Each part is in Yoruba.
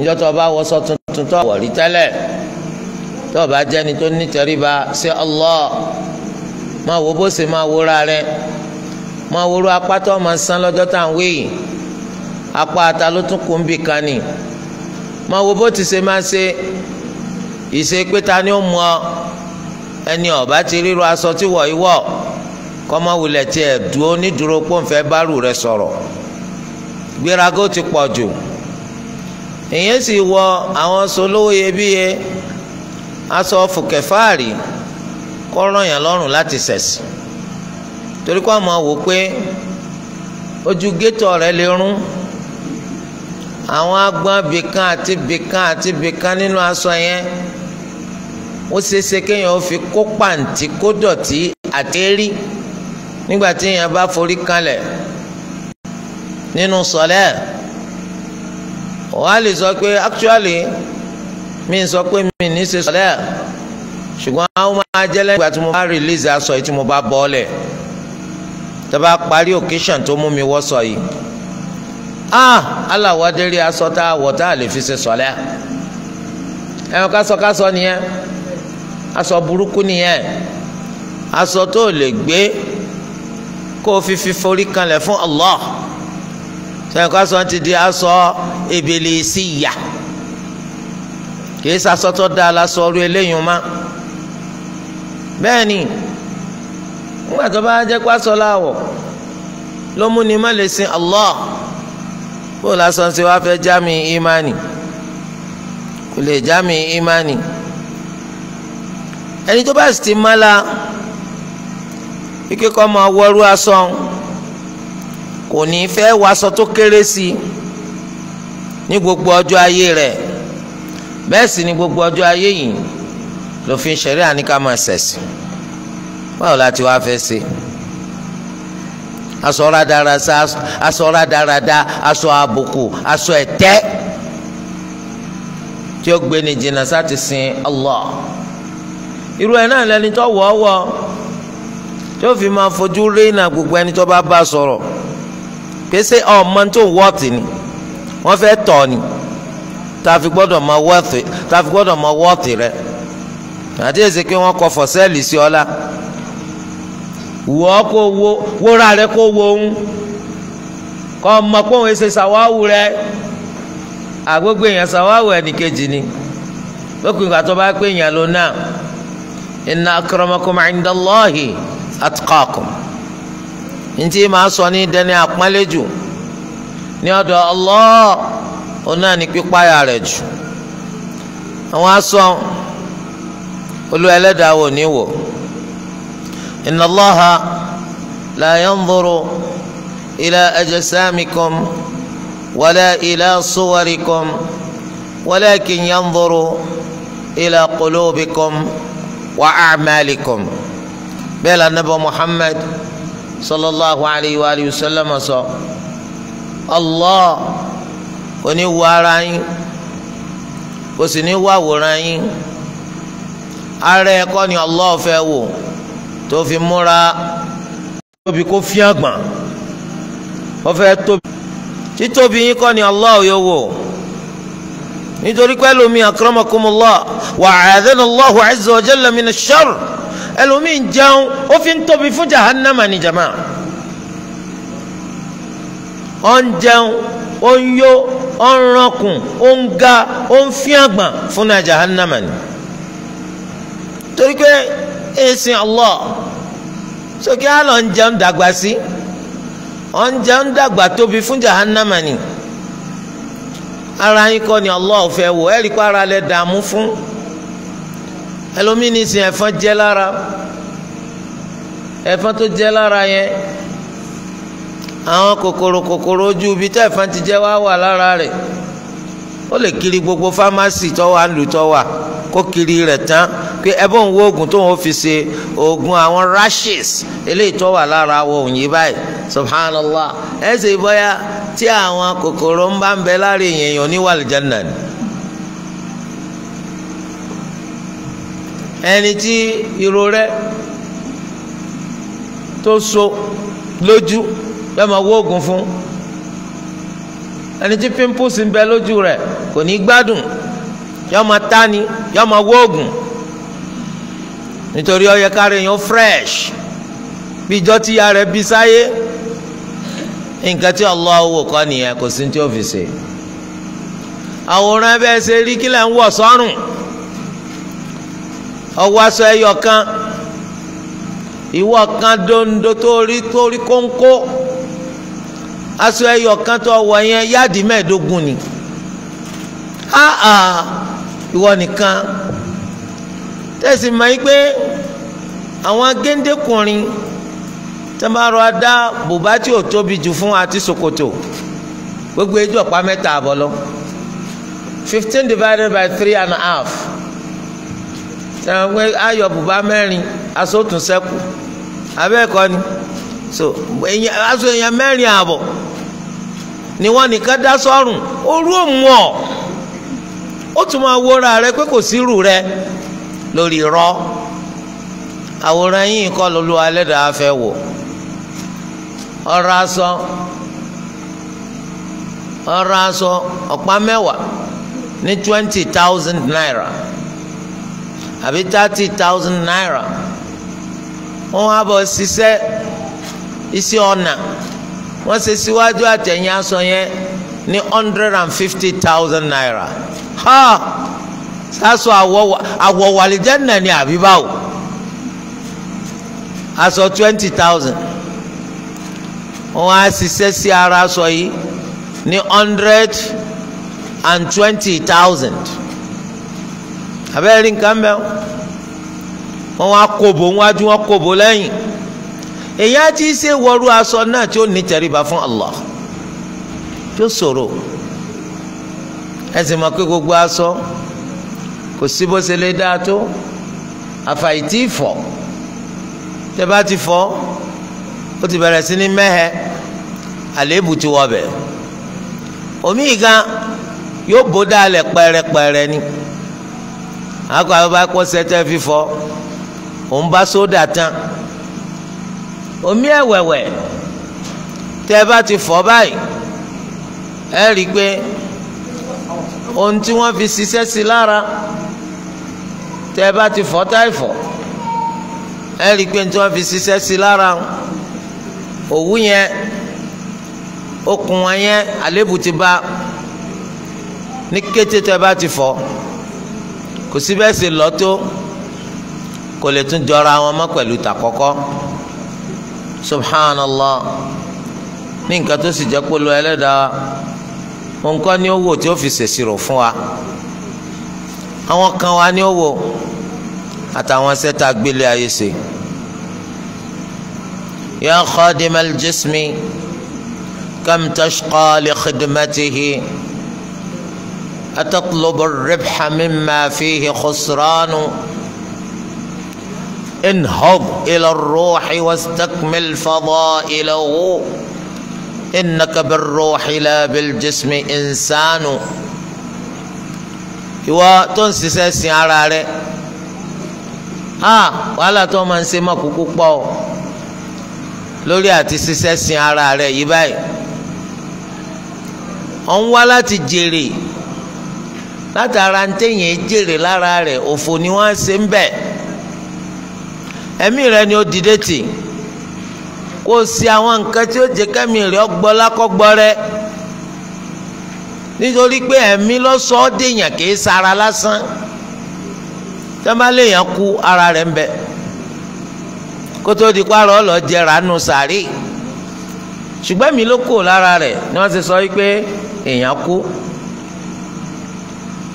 níjọ́ tó o bá wọṣọ tuntun tó wọ̀ rí tẹ́lẹ̀ tó o bá jẹ́ni tó ní tẹríba sí Allah máa wo bó ṣe máa wúra rẹ máa wúru apá tó máa san lọ́jọ́ tá à ń wé yìí apá ata ló tún kún bì kan ni máa wo bó ti ṣe máa ṣe ìṣe pé ta ni ó mú ọ ẹni ọba ti ríro aṣọ tí wọ̀ ìwọ̀ kọ́mọ́wulẹ̀ tiẹ̀ dúró nídúró pọ́ńfẹ́ bárù rẹ sọ̀rọ̀ gbérago ti pọ̀ jù èèyàn sì wọ àwọn solówó iyebíye aṣọ fòkèfáàrí kó ràn yàn lọ́rùn láti ṣẹ̀sì torí kó àmọ́ wò pé ojú gétò rẹ̀ lè rún àwọn agbọn bìkan àti bìkan àti bìkan nínú aṣọ yẹn ó ṣeéṣe kéèyàn ó fi kó pàǹtí kó dọ̀tí àtẹ́rí nígbà tí èèyàn bá forí kanlẹ̀ nínú sọ̀lẹ́ẹ̀ wọ́n á lè sọ pé actually mi sọ pé mi ní ṣe sọlẹ́ ṣùgbọ́n àwọn máa jẹ́ lẹ́yìn ìgbà tí mo bá release aṣọ yìí tí mo bá bọ́ ọ́lẹ̀ tó bá parí occasion tó mú mi wọ́ sọ yìí ah aláwọ̀dẹ́rì aṣọ tá a wọ̀ tá a lè fi ṣe sọlẹ́ ẹ̀wọ̀n kásọkásọ nìyẹn aṣọ burúkú nìyẹn aṣọ tó lè gbé kó o fi fi forí kanlẹ̀ fún Allah sẹ́yìn kó aṣọ ti di aṣọ ebèlè sí ìyà kìí sasọ́tọ̀ da aláṣọ ọrú eléyìí ma bẹ́ẹ̀ ni nígbà tó bá jẹ́ kó aṣọ láwọ̀ ló mú ni má lè sin Allah bó lásán ṣe wá fẹ́ jámi imani kò lè jámi imani ẹni tó bá sì ti má la ike kọ́ máa wọ́rú aṣọ ọ̀hún. kò ní fẹ́ wàsọ tó kéré sí i ní gbogbo ọjọ́ ayé rẹ̀ bẹ́ẹ̀ ni gbogbo ọjọ́ ayé yìí lòfin ṣẹ̀rí àníkà máa ṣẹ̀sì báwo la ti wá fẹ́ ṣe aṣọ rádaràda aṣọ rádaràda aṣọ àbùkù aṣọ ẹ̀tẹ́ tí ó gbé ní jìnnà sáti sin Allah irú ẹ̀ náà lẹni tó wọ̀ ọ́ wọ̀ fi máa fojú rí gbogbo ẹni tó bá bá kèsè ọmọ tó wọ́ọ̀tì ni wọ́n fẹ́ tọ̀ ni tàfi gbọ́dọ̀ mọ wọ́ọ̀tì rẹ àti kọ sí ọlá kó wo wóra rẹ kó wo ń ọmọ pé òun ṣe ṣàwáwù rẹ èèyàn ṣàwáwù ẹnìkejì ni lókùn ìgbà tó bá èèyàn ntí màá sọ ní dẹni àpọ́nlé jù ní ọ̀dọ̀ Allah òun náà ní pípáyà rẹ̀ jù àwọn aṣọ olú ẹlẹ́dàá wò ní wò inna Allaha la yanzuru ila ajsamikum wala ila suwarikum walakin yanzuru ila qulubikum wa a'malikum bẹ́ẹ̀ la nabọ Muhammad sallallahu alayhi wa alihi wa sallam sọ Allah kò ní wo ara yín kò sì ní wo àwòrán yín ara ẹ kọ́ ni Allah fẹ́ wò tó fi múra tóbi kó fi àgbà wọ́n fẹ́ tóbi títóbi yín kọ́ ni Allah yóò wò nítorí pé ẹlòmíì akramakumullah wa'adana Allahu azza wa jalla minash sharr. ẹlòmíì ń jẹun ó fi ń tóbi fún jahannama ni jama ó ń jẹun ó ń yó ó ń rankùn ó ń ga ó ń fi àgbọn fún jahannama ni torí pé èsì Allah sókè àlọ́ ń jẹun dàgbà sí ó ń jẹun dàgbà tóbi fún jahannama ni ara yín kọ́ ni Allah ò fẹ́ wò ẹ́ rí i pé ara lẹ dààmú fún. ẹlòmíì ní sin ẹ̀fọn jẹ lára ẹ̀fọn tó jẹ lára yẹn àwọn kòkòrò kòkòrò ojú ibi tí ẹ̀fọn ti jẹ wá wà lára rẹ̀ ó lè kiri gbogbo fámásì tọ́wọ́ àlù tọ́wọ́ kó kiri rẹ̀ tán pé ẹ bóun wo oògùn tóun fi ṣe oògùn àwọn rashes eléyìí tó wà lára wo òun yìí báyìí subhanallah ẹ ṣe bóyá tí àwọn kòkòrò ń bá ń bẹ lára èèyàn ní wàlìjánà ni. ẹni tí irun to tó so lójú yóò máa wó oògùn fún ẹni tí pimples ń bẹ lójú rẹ̀ kò ní gbádùn yóò máa ni yóò máa wó oògùn nítorí yẹ fresh bí ìjọ ya rẹ̀ bí sáyé nǹkan tí Allah wò kọ́ nìyẹn kò sí ní tí ó fi ṣe àwòrán ọwọ́ aṣọ ẹyọ kan ìwọ kan dondo tó rí tó rí kónkó aṣọ ẹyọ kan tó wọ yẹn yáàdì mẹ́ẹ̀ẹ́dógún ni áà ìwọ nìkan tẹ̀sí mọ̀ yí pé àwọn géńdékùnrin tẹ́ bá rọ adá bùbá tí ò tóbi jù fún àti ṣòkòtò gbogbo ẹjọ́ pa mẹ́ta àbọ̀ lọ fifteen divided by three and a half. sẹ́wọ̀n pé ayọ̀ bùbá mẹ́rin asótún sẹ́kù abẹ́ẹ̀kọ́ ni so aṣọ èèyàn mẹ́rin ààbọ̀ ni wọ́n nìkan dá sọ́rùn orú òun ọ̀ ó tún máa rẹ pé kò sírù rẹ lórí rọ àwòrán yìí kọ́ lólu alẹ́ dàá fẹ́ ní twenty naira. àbí thirty thousand naira wọ́n wá bọ̀ ṣiṣẹ́ iṣẹ́ ọ̀nà wọ́n ṣe síwájú àtẹ̀yìn aṣọ yẹn ní hundred and fifty thousand naira ha sásọ àwọ̀wàlìjẹ́ nà ni àbí báwo aṣọ twenty thousand wọ́n á ṣiṣẹ́ sí ara aṣọ yìí ní hundred and twenty thousand abẹ́rẹ́ rí nǹkan mẹ́wọ́ wọ́n wá kóbó wájú wọ́n kóbó lẹ́yìn èyí á ti ṣe wọrú aṣọ náà tí ó ní tẹríba fún Allah tí ó ṣòro ẹ sì mọ̀ pé gbogbo aṣọ kò sí bó ṣe lè dáa tó àfàìtì fọ̀ tẹ́ bá ti fọ̀ ó ti bẹ̀rẹ̀ sí ní mẹ́hẹ àléébù ti wọ̀ bẹ̀ omi ìga yóò bó dáa lẹ̀ pẹ́rẹ́pẹ́rẹ́ ni akọ abakọ sẹtẹ fífọ òun bá sódà tán omi ẹ̀wẹ̀wẹ̀ tẹ ẹ bá ti fọ báyìí ẹ rí i pé ohun tí wọ́n fi ṣiṣẹ́ sí lára tẹ ẹ bá ti fọ táì fọ ẹ rí i pé ohun tí wọ́n fi ṣiṣẹ́ sí lára òwú yẹn okùn wọn yẹn àlébù ti bá ní kété tẹ bá ti fọ kò sí bẹ́ẹ̀ ṣe lọ tó kò lè tún jọra wọn mọ́ pẹ̀lú tàkọ́kọ́ subhanallah ní nǹkan tó sì jẹ́ polo ẹlẹ́dàá nǹkan ni ó wò tí ó fi ṣèṣirò fún wa àwọn kan wa ni ó wò àtàwọn sẹ́ta gbélé ayé ṣe ya khadimal jismi kam tashqa li khidmatihi. أتطلب الربح مما فيه خسران انهض إلى الروح واستكمل فضائله إنك بالروح لا بالجسم إنسان ìwọ tó ń ṣiṣẹ́ sin ara rẹ wàhálà tó máa ń ṣe má kúkú pọ̀ lórí àti ṣiṣẹ́ sin ara rẹ yìí báyìí ọ̀ ń wá láti jèrè látara ń téèyàn jèrè lára rẹ̀ òfò ni wọ́n ṣe ń bẹ̀ ẹ̀mí rẹ ni ó dìde tì kó o ṣe àwọn nǹkan tí ó jẹ́ kẹ́mi rẹ ọgbọ́ lákọ́gbọ́ rẹ nítorí pé ẹ̀mí ló sọ ọ́ dèèyàn kì í sara lásán tẹ́málẹ̀yàn kú ara rẹ̀ ń bẹ̀ kótó di pààrọ̀ ọ̀lọ́ jẹrà nù sàárì ṣùgbọ́n mi ló kù lára rẹ̀ ni wọ́n ti sọ wípé èèyàn kú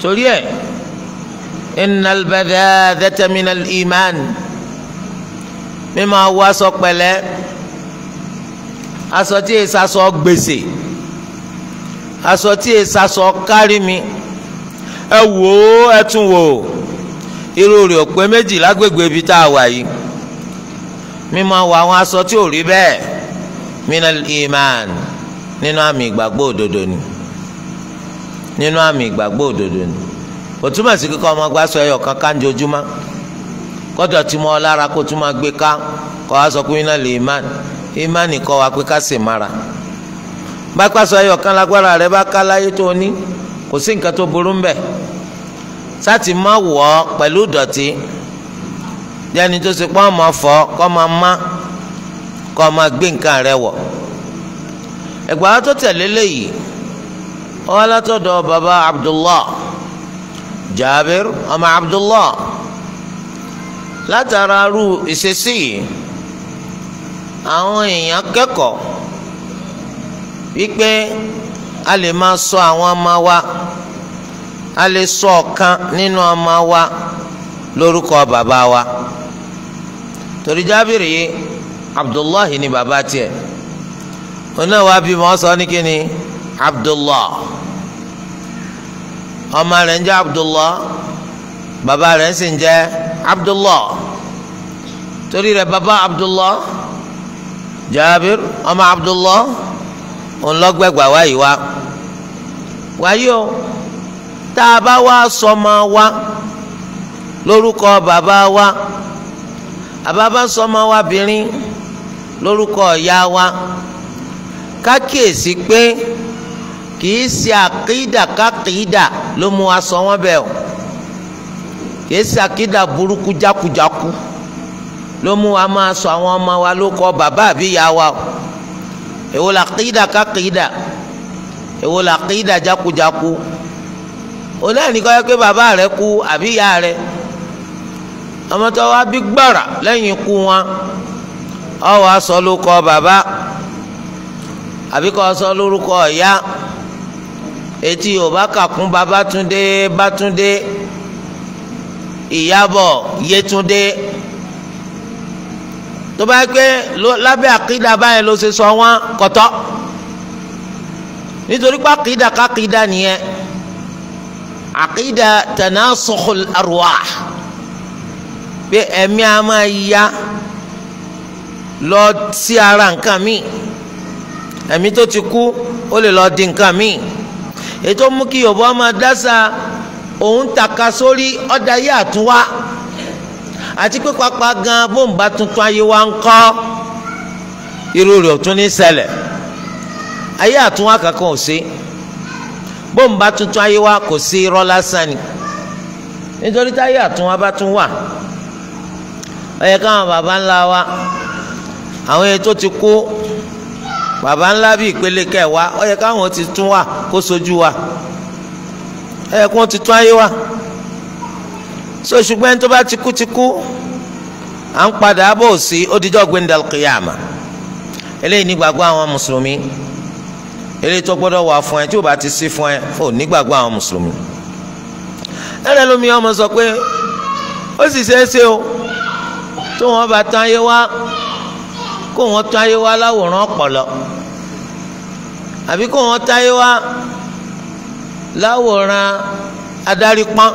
torí ẹ̀ innal badhadhata minal iman mímọ awọ aṣọ pẹ̀lẹ́ aṣọ tí èsì aṣọ gbèsè aṣọ tí èsì aṣọ kárí mi ẹ wò ó ẹ tún wò ó irú rẹ̀ ò pé méjì lágbègbè ibi tá a wà yìí mímọ awọ àwọn aṣọ tí ò rí bẹ́ẹ̀ minal iman nínú àmì ìgbàgbọ́ òdodo ni nínú àmì ìgbàgbọ́ òdodo ni ó túmọ̀ sí kíkọ́ ọmọ gba sọ ẹyọ kan ká ń jojúmọ́ kọ́dọ̀ tí mo lára kó tún máa gbé ká kọ́ wa sọ pé iná lè imán imánì kọ́ wa pé ká sì mara bá pàṣọ ẹyọ kan lágbára rẹ bá ká láyé tó ní kò sí nǹkan tó burú ń sátì má wọ̀ ọ́ pẹ̀lú dọ̀tí yẹni tó ṣe pé ọmọ fọ kọ́ máa má kọ́ máa gbé nǹkan rẹ wọ̀ ẹ̀gbọ́n tó tẹ̀lé léyìí wọ́n látọ̀dọ̀ baba abdullah jaabir ọmọ abdullah látara arú ìṣesí àwọn èèyàn kẹ́kọ̀ọ́ wípé a lè máa sọ àwọn ọmọ wa a lè sọ ọ̀kan nínú ọmọ wa lórúkọ bàbá wa torí jábìrì yìí abdullahi ni bàbá tiẹ̀ onáwó abimọ̀ sọ ní kíni abdullah ọmọ rẹ̀ ń jẹ́ Abdullah bàbá rẹ̀ sì ń jẹ́ Abdullah torí rẹ̀ bàbá Abdullah Jabir ọmọ Abdullah ńlọgbẹgbà wáyé wa wáyé o tá a bá wá sọmọ wa lórúkọ bàbá wa àbábá sọmọ wa bìnrin lórúkọ ìyá wa kákìyèsí pé kì í ṣe àkìdà kákìdà ló mú wa sọ wọn bẹ́ẹ̀ o kìí ṣe àkídà burúkú jákujáku ló mú wa máa sọ àwọn ọmọ wa ló kọ bàbá àbí ìyá wa o èwo la àkídà kákídà èwo la àkídà jákujáku o náà ní kọ́ yẹ pé bàbá rẹ kú àbí ìyá rẹ ọmọ tó bí gbàrà lẹ́yìn ikú wọn ọ wàá sọ ló kọ bàbá àbí kọ́ sọ lórúkọ ìyá etí yorùbá kàkún babátúndé bátúndé ìyábọ̀ yétúndé tó bá yẹ pé lábẹ́ àkídà báyẹn ló ṣe sọ wọ́n kọ̀tọ́ nítorí pé àkídà kákídà nìyẹn àkídà tanasukhul arwah pé ẹ̀mí a máa ya lọ sí ara nǹkan míì ẹ̀mí tó ti kú ó lè lọ di nǹkan míì ètò mú kí yorùbá máa dásà òun tàka sórí ọ̀dà yìí àtúnwá àti pé pápá gan bóńbà tuntun ayé wa ń kọ́ irú rẹ̀ ò tún ní ṣẹlẹ̀ ayé àtúnwá kankan ò sí bóńbà tuntun ayé wa kò sí irọ́ lásán ni nítorí táyé àtúnwá bá tún wà ó yẹ baba ńlá wa àwọn ètò ti kú baba ńlá bíi ìpele kẹwàá ó yẹ káwọn ti tún wa kó sojú wa ó yẹ kó ti tún ayé wa so ṣùgbọ́n ẹni tó bá ti kú ti kú à ń padà bọ̀ sí odijọ́ gbẹ̀ndà kìyàmà eléyìí nígbàgbọ́ àwọn mùsùlùmí eléyìí tó gbọ́dọ̀ wà fún ẹ tí ò bá ti sí fún ẹ ò nígbàgbọ́ àwọn mùsùlùmí ẹ̀rẹ́ lómi ọmọ sọ pé ó sì ṣeé ṣe o tó wọn bá tán ayé wá kó wọn táyé wá láwòrán ọpọlọ àbí kó wọn táyé wá láwòrán adarí pọ́n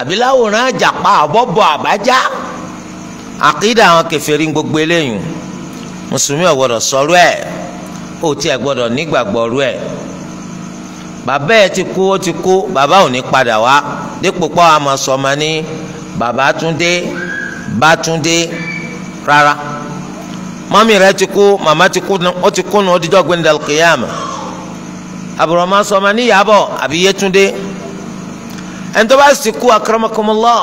àbí láwòrán àjàpá àbọ̀bọ̀ àbájá àkídà àwọn kèfèrí gbogbo eléyìí mùsùlùmí ò gbọ́dọ̀ sọ̀rọ̀ ẹ̀ ó tiẹ̀ gbọ́dọ̀ nígbàgbọ́ rú ẹ̀ bàbá ẹ̀ ti kú ó ti kú bàbá ò ní padà wá dípò pọ́ àmọ́ sọ́mọ ní bàbá Túndé Bátúndé rárá mọ́mí rẹ ti kú màmá ti kú ó ti kú nù ó dijọ́ gbé ní dàlùkìyàmù àbúrò máa sọ ọmọ níyàbọ̀ àbí yétúndé ẹni tó bá sì kú akramakumullah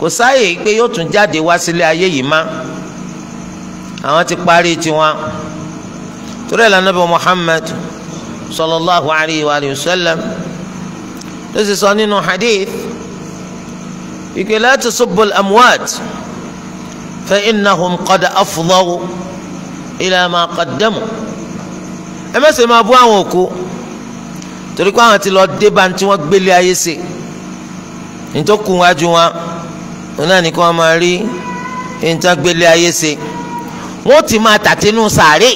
kò sáàyè pé yóò tún jáde wá sílé ayé yìí má àwọn ti parí tiwọn torí ẹ̀ lànà bí sallallahu alayhi wa sallam ló sì sọ nínú hadith ìpè la tasubbu al-amwat. فإنهم قد أفضوا إلى ما قدموا ẹ má ṣe máa bú àwọn òkú torí pé àwọn ti lọ dé bá tí wọ́n gbélé ayé ṣe nítòkù wájú wọn òun náà ní kí wọ́n máa rí nǹkan gbélé ayé ṣe wọ́n ti máa tàtínú sàárè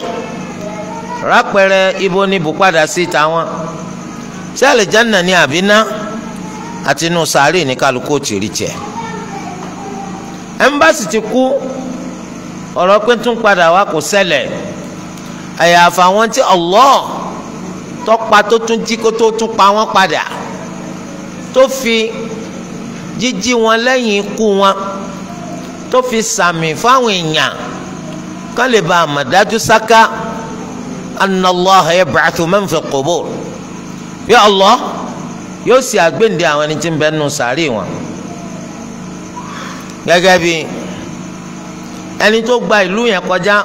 rápẹrẹ ibo ni bùpadà sí tàwọn ṣé àlìjáná ni àbíná àtinú sàárè ní kálukú ò tì rí tiẹ̀ ẹmbásì ti kú ọ̀rọ̀ pé tún padà wá kò ṣẹlẹ̀ àyàfà àwọn tí Allah tọ́pa tó tún jí kó tó tún pa wọ́n padà tó fi jíjí wọn lẹ́yìn ikú wọn tó fi sàmì fáwọn èèyàn kán lè ba àmọ̀dájú sáká anna Allah yab'athu man fi qubur bí Allah yóò sì àgbéǹde àwọn ẹni tí ń bẹ nù sàárè wọn gẹ́gẹ́ bí ẹni tó gba ìlú yẹn kọjá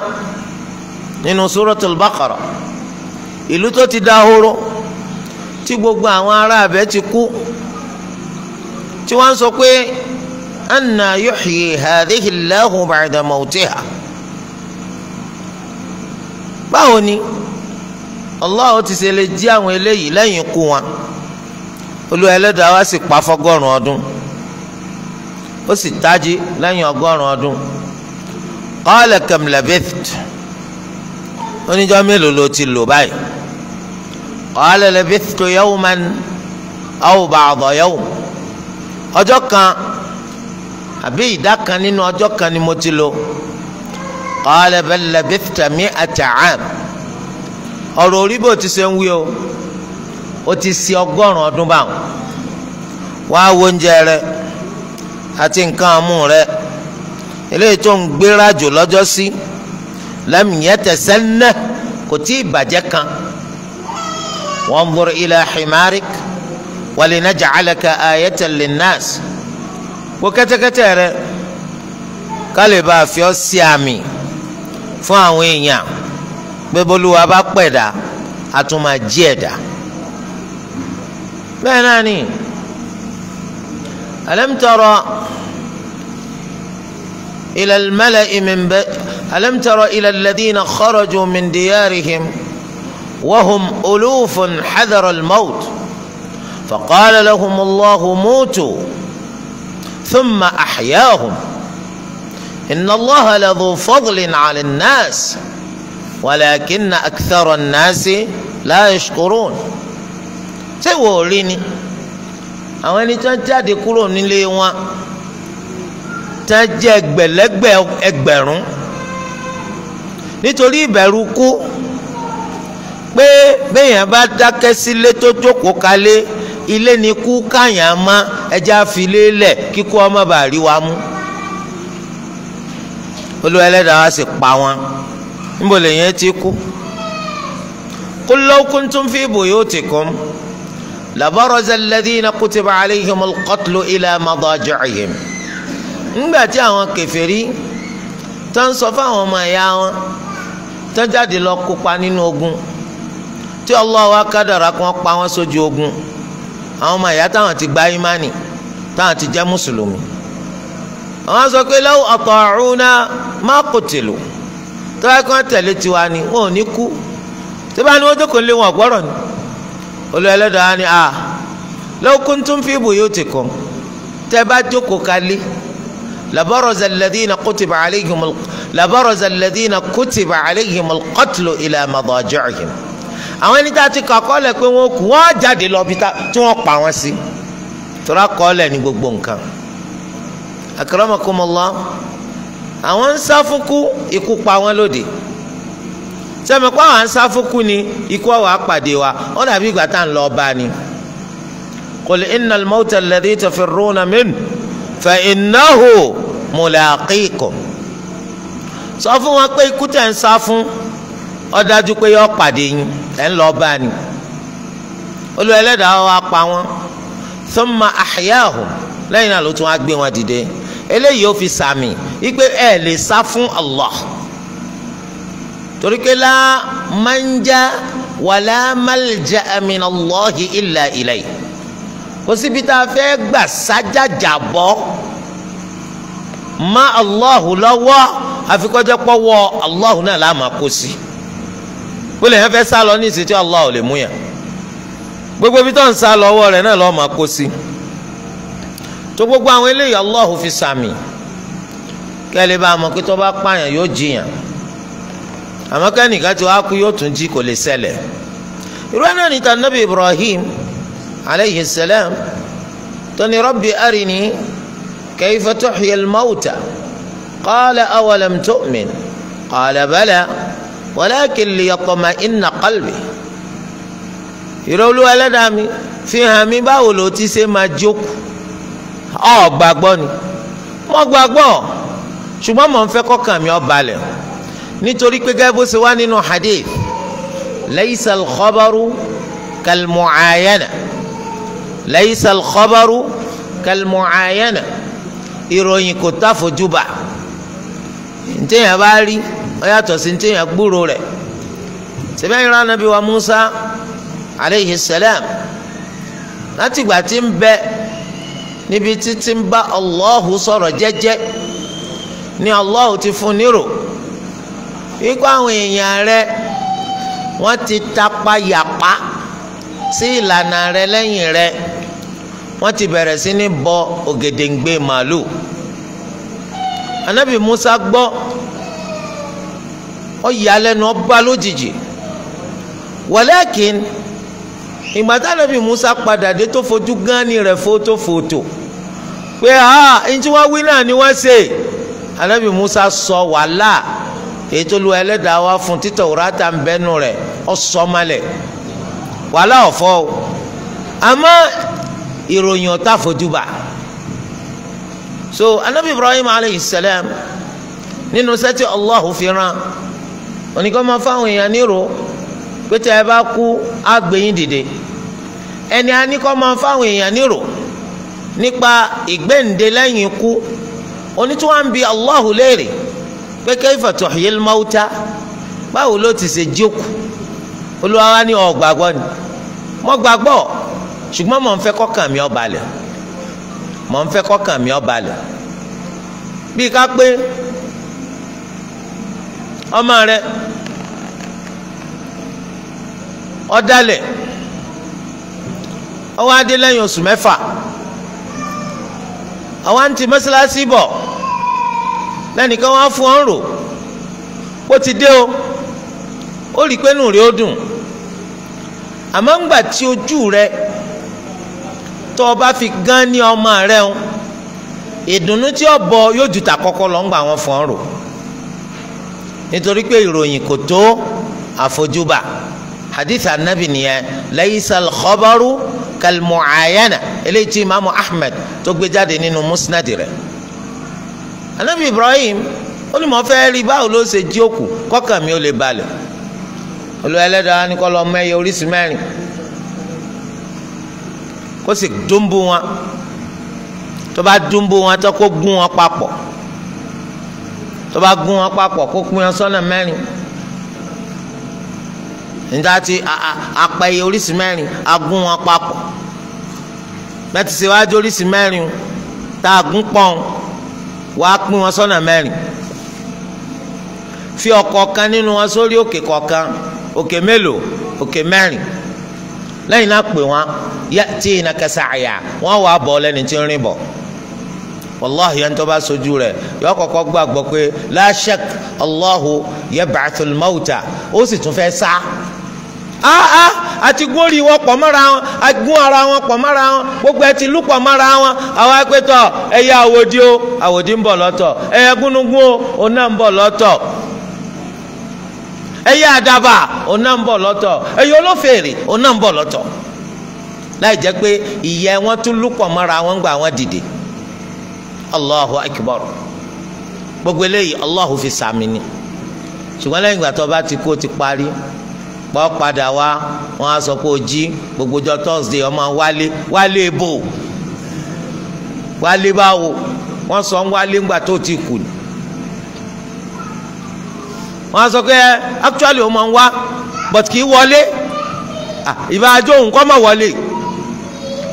nínú suratul Baqara ìlú tó ti dahoro tí gbogbo àwọn ará abẹ ti kú tí wọ́n sọ pé anna yuhyi hadhihi Allahu ba'da mawtiha báwo ni Allah ti ṣe lè jí àwọn eléyìí lẹ́yìn ikú wọn Olúwa Ẹlẹ́dàá wa sì pa fọ́gọ́rùn ọdún ó sì tají lẹ́yìn ọgọ́rùn-ún ọdún qala kam labith oníjọ́ mélòó ló ti lò báyìí qala labithtu yawman aw ba'da yawm ọjọ́ kan àbí ìdá kan nínú ọjọ́ kan ni mo ti lò qala bal labithta mi'ata ọ̀rọ̀ orí bò ti ṣe ń wí o ó ti ṣe ọgọ́rùn ọdún báwọn wá wo oúnjẹ rẹ̀ àti nǹkan amú rẹ eléyìí tó ń gbéra jò lọ́jọ́ sí lẹ́mìíyẹ́ tẹ̀sẹ̀ ńnà kò tí ì bàjẹ́ kan wanzur ila himarik walinaj'alaka ayatan linnas wo kẹ́tẹ́kẹ́tẹ́ rẹ ká bá a fi ọ́ sí àmì fún àwọn èèyàn pé bólúwa bá pẹ̀dá a tún máa jí ẹ̀dá bẹ́ẹ̀ náà nìyí. ألم ترى إلى الملأ من ب... ألم تر إلى الذين خرجوا من ديارهم وهم ألوف حذر الموت فقال لهم الله موتوا ثم أحياهم إن الله لذو فضل على الناس ولكن أكثر الناس لا يشكرون سووا ليني àwọn ẹni tó jáde kúrò nílé wọn tó jẹ́ ẹgbẹ̀lẹ́gbẹ̀ ẹgbẹ̀rún nítorí ìbẹ̀rù kú pé béèyàn bá dákẹ́ sílé tó jókòó kalẹ̀ ilé ni kú káyàn má ẹja filé lẹ̀ kíkú ọmọ bàá rí wa mú olúwa ẹlẹ́dàá wa sì pa wọn níbo lèyàn ti kú qul law kuntum fi buyutikum labaraza alladhina kutiba alayhim alqatlu ila madajihim ńgbà tí àwọn kèfèrí tó ń sọ fáwọn ọmọ ẹ̀yà wọn tó jáde lọ kópa nínú ogun tí Allah wa kádàrá kan pa wọn sójú ogun àwọn ọmọ ẹ̀yà táwọn ti gba imani táwọn ti jẹ́ mùsùlùmí àwọn sọ pé law ata'una ma qutilu tó bá kí wọ́n tẹ̀lé tiwa ni wọn ò ní kú tó bá ní wọ́n jókòó lé wọn ọ̀gbọ́rọ̀ ni olú ẹlẹ́dàá ni a ah, law kuntum fi buyutikum tẹ́ bá jókòó kalẹ̀ labaraza alladhina kutiba alayhim labaraza alladhina kutiba alayhim alqatlu ila madaji'ihim àwọn ẹni tá a ti kọ́kọ́ lẹ̀ pé wọ́n kú wọ́n jáde lọ bí tí wọ́n pa wọ́n sí tora kọ́lẹ̀ ní gbogbo nǹkan akramakumullah àwọn ń sá ikú pa wọ́n lóde sẹ́mi kó àwọn ansáfókù ni ikú àwọn apàdé wa ó dàbí ìgbà tá à ń lọ bá ni. qul innal mawta alladhi tafirruna minhu fa innahu mulaqikum. sọ fún wọn pé ikú tẹ̀ ń sá fún ó dájú pé yọ pàdé yín ẹ̀ ń lọ bá ni. Olúwa Ẹlẹ́dàá wa pa wọ́n thumma ahyahum lẹ́yìn náà ló tún wá gbé wọn dìde eléyìí ó fi sàmì wípé ẹ lè sá fún Allah torí pé la manja wàlá malja min Allahi illa ilay kò síbi tá a fẹ́ gbà sájàjà bọ́ má Allahu lọ́wọ́ àfikọ́jọ́ pọ́wọ́ Allahu náà la máa kó sí wọ́n lè yẹn fẹ́ sá lọ ní ìsìn tí Allahu lè mú yàn gbogbo ibi tó ń sá lọ́wọ́ rẹ̀ náà lọ́ọ́ gbogbo àwọn eléyìí Allahu fi sàmì kẹ́lẹ́ bá a mọ̀ pé tó bá pààyàn yóò jiyàn àmọ́ kẹ́nìkan tí wàá kú yóò tún jí kò lè ṣẹlẹ̀ irú ẹ̀ náà ní ta nabi ibrahim aleyhi salam tóní rabbi arini kayfa tuhyi al-mawta qala awalam tu'min qala bala walakin liyatma'inna qalbi ìrọ̀lú ẹlẹ́dàá mi fi hàn mí báwo ló ti ṣe máa jókòó ọ̀ gbàgbọ́ ni mo gbàgbọ́ ṣùgbọ́n mo ń fẹ́ kọ́kàn mi ó balẹ̀ o nítorí pé gẹ́gẹ́ bó ṣe wá nínú hadith laysa al-khabaru kal-mu'ayana laysa al-khabaru kal-mu'ayana ìròyìn kò tá fojúbà ntẹ̀yìn bá rí ó yàtọ̀ sí ntẹ̀yìn gbúrò rẹ̀ sẹ́bẹ̀yìn rán nàbí wa Musa aleyhi salam láti ìgbà tí ń bẹ níbi títí ń bá Allahu sọ̀rọ̀ jẹ́jẹ́ ni Allahu ti fún nírò ikú àwọn èèyàn rẹ wọ́n ti tapa yàpá sí ìlànà rẹ lẹ́yìn rẹ wọ́n ti bẹ̀rẹ̀ sí ní bọ ògèdèǹgbè màálù anabi musa gbọ́ ó yà lẹ́nu ọba lójijì walakin ìgbà tí anabi musa padà dé tó fojú gánni rẹ̀ fótó fòtò pé ah ẹni tí wọ́n wí náà ni wọ́n ṣe anabi musa sọ wàhálà. So èyí tó lu ẹlẹ́dàá wá fún títọ̀ wúrátà ń bẹ́nu rẹ̀ ọ̀sọ́malẹ̀ wàhálà ọ̀fọ́ o àmọ́ ìròyìn ọ̀tá fojúbà so anabi ibrahim alayhi salam nínú sẹ́tì allah fi ran oníkan máa fáwọn èèyàn nírò pé tẹ́ ẹ bá kú á gbé yín dìde ẹni a máa fáwọn èèyàn nírò nípa ìgbéǹde lẹ́yìn ikú onítúwọ̀n bíi allah léèrè pé kayfa tuhyil mauta báwo ló ti ṣe jókòó olúwa wa ní ni mo gbàgbọ́ ṣùgbọ́n mò ń fẹ́ kọ́kàn mi ó balẹ̀ mò ń fẹ́ kọ́kàn mi ó balẹ̀ bí ká pé ọmọ rẹ ọdalẹ ọwọ́ adé lẹ́yìn oṣù mẹ́fà àwọn àǹtí mọ́ṣáláṣí bọ̀. lẹ́nìkan wá fún ọ ń rò bó ti dé o ó rí i pé nù rí ó dùn àmọ́ ńgbà tí ojú rẹ tó o bá fi gán ní ọmọ rẹ o ìdùnnú tí ó bọ yóò ju tàkọ́kọ́ lọ ńgbà wọn fún ọ rò nítorí pé ìròyìn kò tó àfojúbà hadith anabi nìyẹn laysal khabaru kalmuayana eléyìí tí imaamu ahmed tó gbé jáde nínú musnad rẹ̀ anabi ibrahim ó ní mo fẹ́ rí báwo ló ṣe jí òkú kọ́kàn mi ò lè balẹ̀ olùwà ẹlẹ́dàá ni kó lọ mẹ́yẹ oríṣi mẹ́rin kó sì dúnbú wọn tó bá dúnbú wọn tó kó gún wọn papọ̀ tó bá gún wọn papọ̀ kó pín wọn sọ́nà mẹ́rin níta ti apẹyẹ oríṣi mẹ́rin agún wọn papọ̀ bẹ́ẹ̀ oríṣi mẹ́rin tá a gún pọ́n. wàá pín wọn na mẹ́rin fi ọ̀kọ̀ọ̀kan nínú wọn sórí òkè kọ̀ọ̀kan òkè mélòó òkè mẹ́rin lẹ́yìn náà pè wọ́n tí iná kẹsà àyà wọn wàá bọ̀ lẹ́ni tí ń rìn bọ wàláhi ẹni tó bá sojú rẹ̀ yọ kọ́kọ́ gbàgbọ́ pé láṣẹk Allahu yẹ bàtúl mọ́wùtà ó sì tún fẹ́ sá. Ah, àti ah, gúnrí wọn pọ̀ mọ́ra wọn agún ara wọn pọ̀ mọ́ra wọn gbogbo ẹ ti lù pọ̀ mọ́ra wọn àwọn apẹtọ ẹ̀yà àwòdì o àwòdì ń bọ̀ lọ́tọ̀ ẹ̀yà gúnugún o òun náà ń bọ̀ lọ́tọ̀ ẹ̀yà àdàbà òun náà ń bọ̀ lọ́tọ̀ ẹ̀yà olófèrè òun náà ń bọ̀ lọ́tọ̀ láì jẹ́ pé ìyẹ́ wọn tún lù pọ̀ mọ́ra wọn gbà wọn dìde allahu akbar gbogbo eléyìí allahu fi sàmì ni ṣùgbọ́n lẹ́yìn ìgbà tó bá ti kú ó ti parí pọ́ padà wá wọ́n á sọ pé o jí gbogbo ọjọ́ thursday ọmọ wálé wálé bò wálé báwo wọ́n sọ ń wálé ńgbà tó ti kù ni wọ́n á sọ pé actually ọmọ ń wá but kì í wọlé ìbájọ́ òun kọ́ mọ̀ wọlé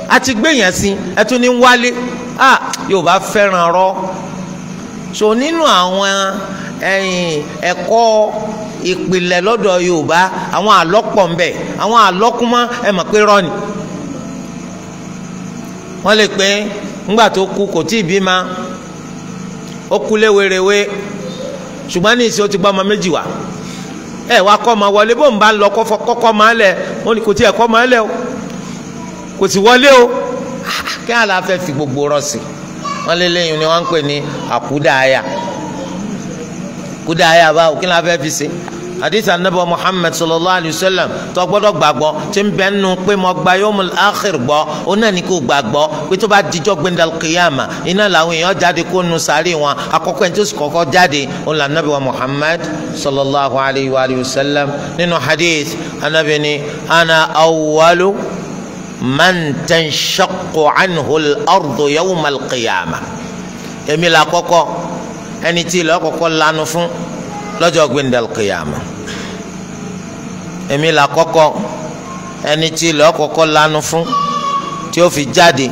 a ti gbé yẹn sí ẹ tún ní wálé ah yóò bá fẹ́ràn rọ so nínú àwọn ẹ̀kọ́ ìpìlẹ̀ lọ́dọ̀ Yorùbá àwọn àlọ́ pọ̀ àwọn àlọ́ ẹ mọ̀ pé rọ́ọ̀nì wọ́n lè pé ńgbà tó kú kò tí ì bímọ ó kú ṣùgbọ́n ní ìsìn ó ti gbọ́ ọmọ méjì wá ẹ wá kọ́ ọmọ wọlé bó ń bá lọ kọ́kọ́ máa lẹ̀ kò tí ẹ̀ kọ́ máa lẹ̀ o kò sì wọlé o ah, kí gbogbo rọ̀ sí wọ́n lé lẹ́yìn ni wọ́n ń pè ní kúdà yà bá òkè la fẹ́ fi ṣe hadith anabi muhammed sallallahu alayhi wa sallam tó gbọ́dọ̀ gbàgbọ́ tí ń bẹ nínú pé mo gba yomul akhir gbọ́ ó náà ní kó gbàgbọ́ pé tó bá dijọ́ gbendal qiyama iná làwọn èèyàn jáde kó nu sáré wọn àkọ́kọ́ ẹni tó sì kọ́kọ́ jáde ó là anabi wa muhammed sallallahu alayhi wa sallam nínú hadith anabi ni ana awwalu man tanshaqu anhu al-ardu yawmal qiyama èmi là kọ́kọ́ ẹni tí ilẹ̀ ọ̀kọ̀kọ̀ lanu fún lọ́jọ́ gbẹ̀ndẹ̀lùkìyàmù èmi là kọ́kọ́ ẹni tí ilẹ̀ ọ̀kọ̀kọ̀ lanu fún tí ó fi jáde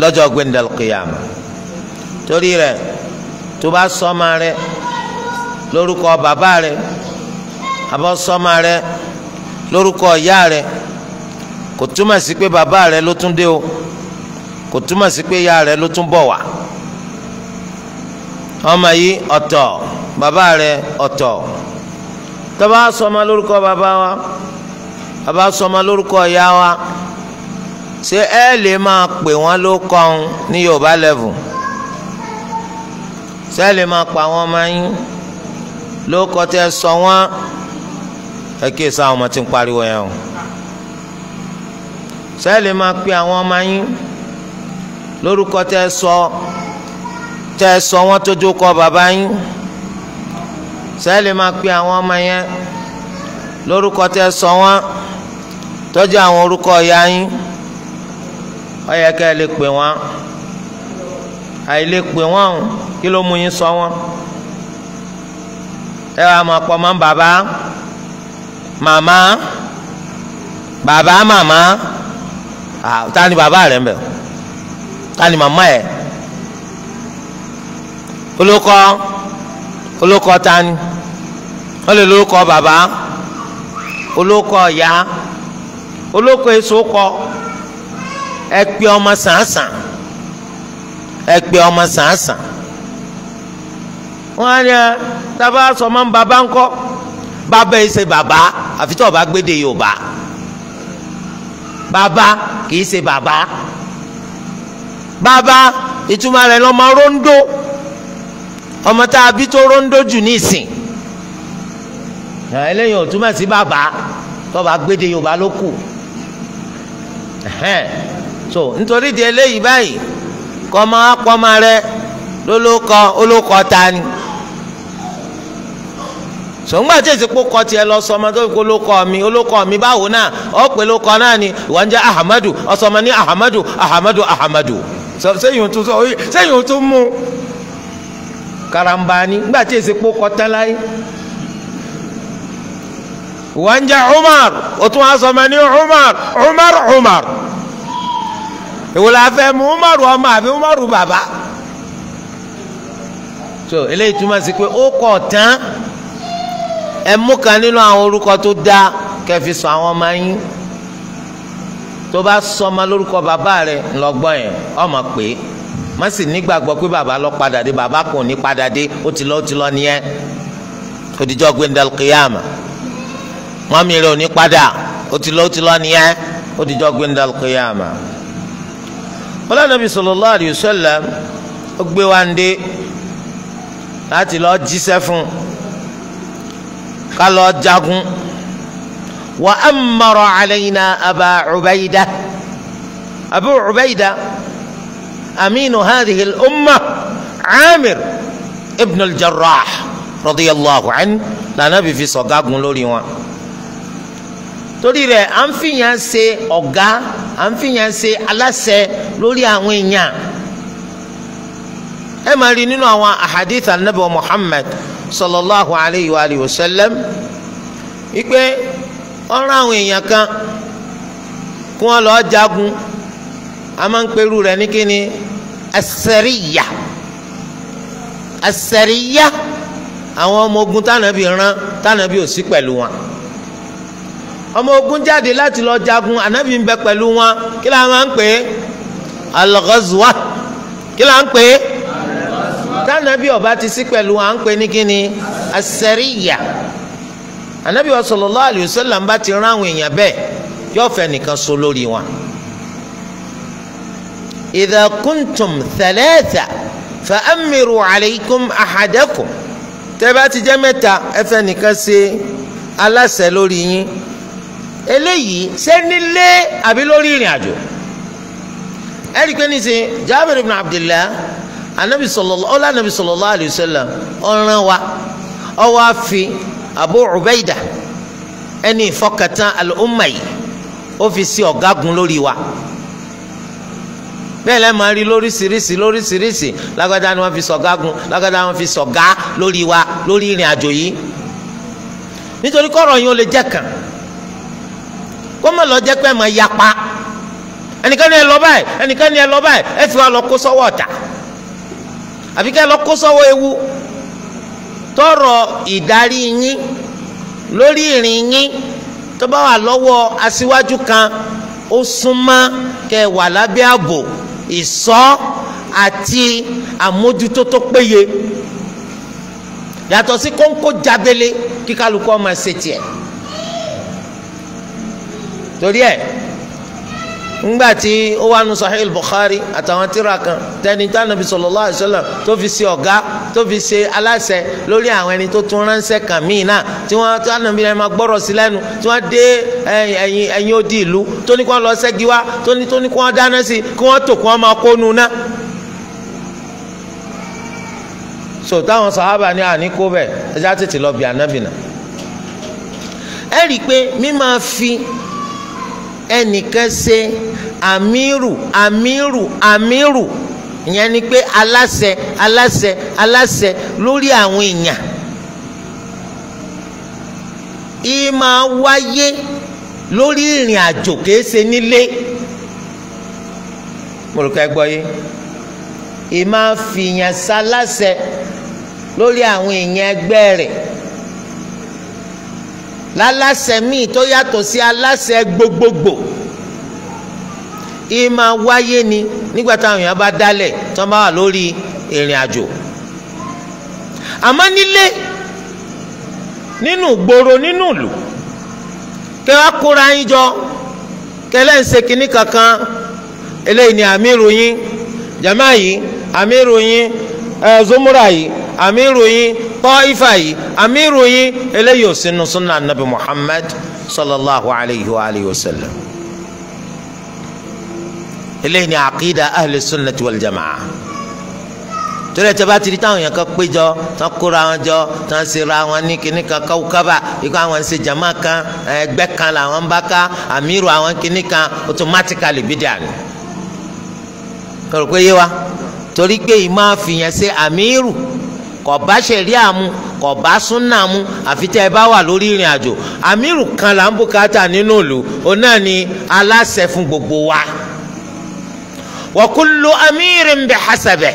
lọ́jọ́ gbẹ̀ndẹ̀lùkìyàmù torí rẹ̀ tó bá sọ́mà rẹ̀ lórúkọ bàbá rẹ̀ àbọ̀ sọ́mà rẹ̀ lórúkọ ìyá rẹ̀ kò túmọ̀ sí pé bàbá rẹ̀ ló tún dé o kò túmọ̀ sí pé ìyá rẹ̀ ló tún bọ̀ wá ọmọ yìí ọ̀tọ̀ bàbá rẹ̀ ọ̀tọ̀ tọ́ba sọma lórúkọ bàbá wa bàbá sọma lórúkọ ìyá wa ṣé ẹ lè máa pè wọ́n ló kọ́n ní yorùbá lẹ́vù ṣé ẹ lè máa pa wọ́n máa yín ló kọ́ tẹ́ sọ wọ́n ẹ kí èso àwọn ọmọ ti ń pariwo yẹn o ṣé ẹ lè máa pè àwọn ọmọ yín lórúkọ tẹ́ sọ. So, tẹ́ ẹ sọ wọ́n tójú kọ bàbá yín sẹ́ẹ̀lì máa pe àwọn ọmọ yẹn lórúkọ tẹ́ ẹ sọ wọ́n tọ́jú àwọn orúkọ ìyá yín ó yẹ ká ẹ lè pè wọ́n àìlè pè wọ́n kí ló mú yín sọ wọ́n ẹ wàá máa pọ̀ mọ́ bàbá màmá bàbá màmá ta ni bàbá rẹ̀ ń bẹ̀ ta ni màmá olókọ olókọ tani wọn baba lókọ bàbá ya olókọ esokọ kọ ẹ pè ọmọ sàǹsàn ẹ pè ọmọ sàǹsàn wọn á yẹ tábà sọmọ baba ńkọ́ bàbá yìí ṣe bàbá àfi ọba baba Yorùbá bàbá baba í ṣe bàbá bàbá ìtumọ̀ rẹ̀ lọ́mọ ọmọ tá a bí tó róńdó jù ní ìsìn eléyìí ò túmọ̀ sí bàbá gbéde yorùbá ló kù so nítorí di eléyìí báyìí kọ́mọ akọ́mọ rẹ lólókọ olókọ ta ni sọ̀ngbà tí èsì kpókọ tiẹ̀ lọ sọmọ tó kó lókọ mi olókọ mi báwo náà pé lókọ náà ni jẹ́ ahamadu karambani nígbà tí èsì kpó kọtán láyé wọ́n jẹ́ Umar o tún wá sọ ma ní Umar Umar Umar ìwòlò afẹ́ mu Umar ọmọ àbí Umar bàbá so eléyìí túmọ̀ sí pé ó kọ̀ tán ẹ mú kan nínú àwọn orúkọ tó dáa kẹfì sọ àwọn ọmọ yín tó bá sọ ọmọ lórúkọ bàbá rẹ ńlọgbọ́n yẹn ọmọ pé má sì nígbàgbọ́ pé bàbá lọ padà dé bàbá kò ní padà dé ó ti lọ ó ti lọ nìyẹn òdìjọ́ gbendal kiyama mọ́mí rẹ̀ ò ní padà ó ti lọ ó ti lọ nìyẹn òdìjọ́ gbendal kiyama. ọlọ́nàbí sallallahu alaihi wasallam ó gbé wa ń dé láti lọ jíṣẹ́ fún ká lọ jagun wa ammara alayna Aba Ubayda Abu Ubayda. أمين هذه الأمة عامر ابن الجراح رضي الله عنه lànàbì fi sọ̀gágun lórí wọn torí rẹ̀ à ń fìyàn ṣe ọ̀gá à ń fìyàn ṣe aláṣẹ lórí àwọn èèyàn ẹ máa rí nínú àwọn ahadith anabi muhammad sallallahu alayhi wa alihi wa sallam wípé ọ̀rọ̀ àwọn èèyàn kan kí wọ́n lọ́ọ́ jagun a máa ń perú rẹ̀ ní kíni asẹ̀ríyà asẹ̀ríyà àwọn ọmọ ogun tánàbí rán tánàbí ò sí pẹ̀lú wọn ọmọ ogun jáde láti lọ jagun ànábì ń bẹ pẹ̀lú wọn kí la máa ń pè é al-ghazwa kí la ń pè é tánàbí ọba ti sí pẹ̀lú wọn à ń pè ní kíni asẹ̀ríyà ànábì sallallahu alayhi wa bá ti rán àwọn èèyàn bẹ́ẹ̀ yóò nìkan so lórí wọn idha kuntum thalatha fa amiru alaykum ahadakum tẹ́ bá ti jẹ́ mẹ́ta ẹ fẹ́ nìkan ṣe aláṣẹ lórí yín eléyìí ṣé nílé àbí lórí ìrìn àjò ẹ rí i pé níṣẹ́ Jabir ibn Abdullah anabi sallallahu ọlá anabi sallallahu alayhi wa sallam ọ̀ràn wa ọwọ́ àfi Abu Ubaida ẹni ìfọkàntán al-umma yìí ó fi sí ọ̀gágun lórí wa bẹ́ẹ̀ lẹ́ẹ̀ máa rí lóríṣiríṣi lóríṣiríṣi lágbádá ni wọ́n fi sọ̀gágun lágbádá ni wọ́n fi sọ̀gá lórí wa lórí ìrìn àjò yìí nítorí kọ́rọ̀ yín ó lè jẹ́ kàn kó má lọ jẹ́ pé ẹ̀ máa yapa ẹnìkan ni ẹ lọ báyìí ẹnìkan ni ẹ lọ báyìí ẹ fi wa lọ kó sọ́wọ́ ọ̀tà àfi kẹ́ ẹ lọ kó sọ́wọ́ ewu tọrọ ìdarí yín lórí ìrìn yín tó bá wà lọ́wọ́ aṣíwájú kan ó súnmọ́ kẹ́ wà lábẹ́ ààbò ìṣọ́ àti àmójútó tó péye yàtọ̀ sí kóńkó jábélé kí kálukú máa ṣe tiẹ̀ torí ẹ̀ ngbàtí ó wà nù Sahih Bukhari àtàwọn tíra kan tẹni tí Ànábì sallallahu alaihi wasallam tó fi ṣe ọ̀gá tó fi ṣe aláṣẹ lórí àwọn ẹni tó tún ránṣẹ́ kàn míì náà tí wọ́n tí Ànábì náà máa gbọ́rọ̀ sí lẹ́nu tí wọ́n dé ẹ̀yìn ẹ̀yìn odi ìlú tó ní kí wọ́n lọ ṣẹ́gi wá tó ní tó ní kí wọ́n dáná sí kí wọ́n tò kí wọ́n máa kó nu ná. so táwọn sàhábà ní àní kó bẹ́ẹ̀ ẹja tètè lọ bí Ànábì ẹ rí i pé mímáa fi ẹnìkan ṣe amiru amiru amírù ìyẹn ni pé aláṣẹ aláṣẹ aláṣẹ lórí àwọn èèyàn ìyẹn máa wáyé lórí ìrìn àjò kìí ṣe nílé mo rò pé gbọ́ ìyẹn máa fìyàn sáláṣẹ lórí àwọn èèyàn ẹgbẹ́ rẹ̀ láláṣẹ míì tó yàtọ̀ sí aláṣẹ gbogbogbò ìmọ̀ wáyé ni nígbà táwọn èèyàn bá dálẹ̀ tí wọ́n bá wà lórí ìrìn àjò àmọ́ nílé nínú gbòòrò nínú ìlú kẹ wá kóra yín jọ kẹlẹ́ ń ṣe kinní kankan eléyìí ni àmírù yín jama yìí àmírù yín ẹ̀ zomora yìí àmírù yín Taifa yìí amírù yìí eléyìí ò sínú sunnah nabi Muhammad sallallahu alayhi wa alayhi wa sallam eléyìí ni àkìdá ahli sunnati wal jama'a torí ẹ̀ tẹ́ bá ti di táwọn èèyàn kan péjọ tán kóra wọn jọ tán ṣera wọn ní kíní kan káwùkábà ikú àwọn ń ṣe jama kan ẹgbẹ́ kan làwọn ń bá ká àmírù àwọn kíní kan automatically bídà ni kọ̀rọ̀ pé yé wa torí pé ìmáa fìyàn ṣe àmírù kò bá ṣẹ̀ríà mu kò bá súnà mu àfi tẹ́ ẹ bá wà lórí ìrìn àjò àmírù kan là ń bùkátà nínú ìlú òun náà ni aláṣẹ fún gbogbo wa. wa amírin bi hasabẹ̀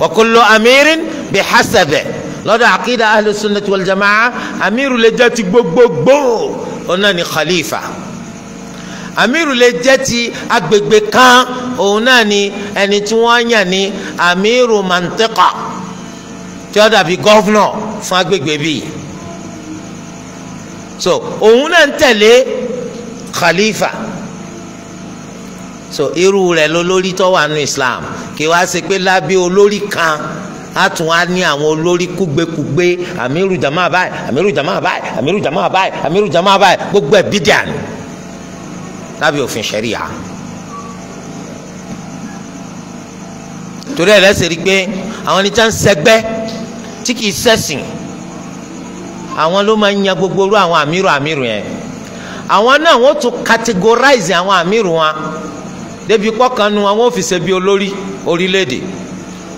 wa amírin bi hasabẹ̀ lọ́dọ̀ àkídà ahlus sunnati wal jamaa amíru lè jẹ́ ti gbogbogbò òun náà ni khalifa amiru le jẹ́ ti agbègbè kan òun náà ni ẹni tí wọ́n yàn ní amiru mantiqa tí ó dàbí gọ́vnọ̀ fún agbègbè bíi so òun náà ń tẹ̀lé khalifa so irú rẹ̀ lólórí tó wà nínú Islam kì wá ṣe pé lábẹ́ olórí kan a tún wá ní àwọn olórí kúgbékúgbé amiru jama abai amiru jama abai amiru jama abai amiru jama abai gbogbo ẹ̀ bídíàn lábẹ́ òfin ṣẹ̀ríà. torí ẹ̀ lẹ́sẹ̀ rí i pé àwọn ẹni ń ṣẹgbẹ́ tí kìí ṣẹ̀sìn àwọn ló máa ń yan gbogbo irú àwọn àmírù àmírù yẹn àwọn náà wọ́n tún categorize àwọn àmírù wọn débi pọ́kànnù wọn wọ́n fi ṣe bí olórí orílẹ̀-èdè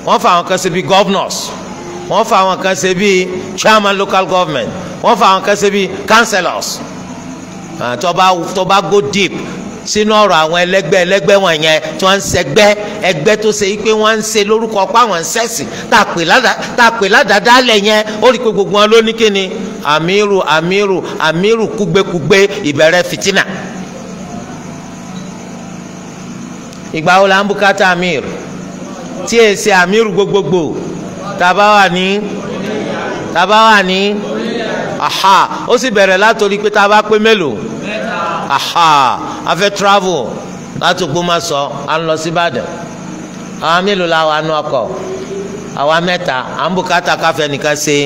wọ́n fa àwọn kan ṣe bí governors wọ́n fa àwọn kan ṣe bí chairman local government wọ́n fa àwọn kan ṣe bí councillors tó bá go deep sínú ọ̀rọ̀ àwọn elegbe ẹlẹ́gbẹ́ wọn yẹn tí egbe ń ṣẹgbẹ́ ẹgbẹ́ tó ṣe pé wọ́n ń ṣe lórúkọ pa àwọn tá a pè yẹn ó rí i gbogbo wọn ló ní kíni àmírù àmírù àmírù kúgbékúgbé ìbẹ̀rẹ̀ fìtínà. ìgbà wo la ń tí ṣe aha afẹ́ travel láti Ògbómọ̀ṣọ́ à ń lọ sí Ìbàdàn àwa mélòó la wà nú ọkọ̀ àwa mẹ́ta à ń bùkátà káfẹ́ nìkan ṣe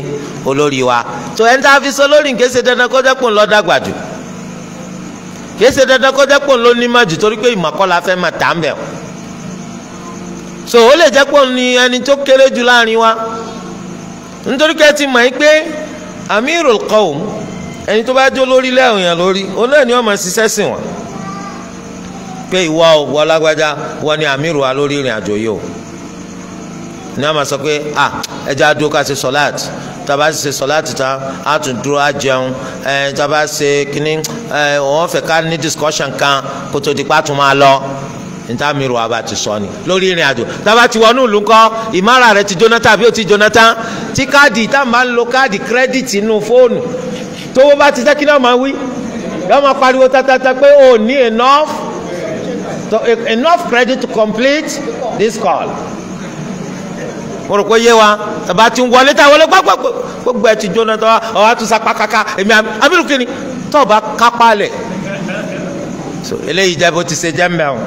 olórí wa tó ẹni tá a fi sọ lórí nǹkan ṣe dandan kó dẹ́kun lọ́dà gbàdù kìí ṣe dandan kó jẹ́ pé òun ló ní jù torí pé fẹ́ bẹ̀. so ó lè jẹ́ pé òun ni ẹni tó kéré jù láàrin wa nítorí pé ẹ ti mọ̀ yín pé ẹni tó bá jó lórí lẹ́hìn yẹn lórí òun ni wọ́n máa ṣiṣẹ́ sìn wọ́n pé ìwọ ò wọ lágbájá wọ́n ní àmírù wa lórí ìrìn àjò yìí o ní wọ́n máa sọ pé à ẹja dúró ká ṣe sọláàtì tàbá ṣe sọláàtì tán á tún dúró á jẹun ẹ tàbá ṣe kínní ẹ wọ́n fẹ́ ká ní discussion kan kó di pa máa lọ níta mi rò àbá ti sọ ni lórí ìrìn àjò tába ti wọnú ìlú ńkọ́ ìmára rẹ ti jóná tàbí ó ti jóná tán káàdì tá máa ń lo káàdì kírẹ́dìtì inú fóònù tówó bá ti jẹ́ kí náà máa wí yóò máa pariwo tatata pé o oh, ní enough to, enough credit to complete this call mo rò pé yé wa tàbá ti ń wọlé tá a wọlé gbàgbọ́ gbogbo ẹ̀ ti jóná tó ọ wá tún sapá kaka èmi amínú kìíní tó o bá kápá lẹ̀ so eléyìí jẹ́ bó ti ṣe jẹ́ mẹ́rin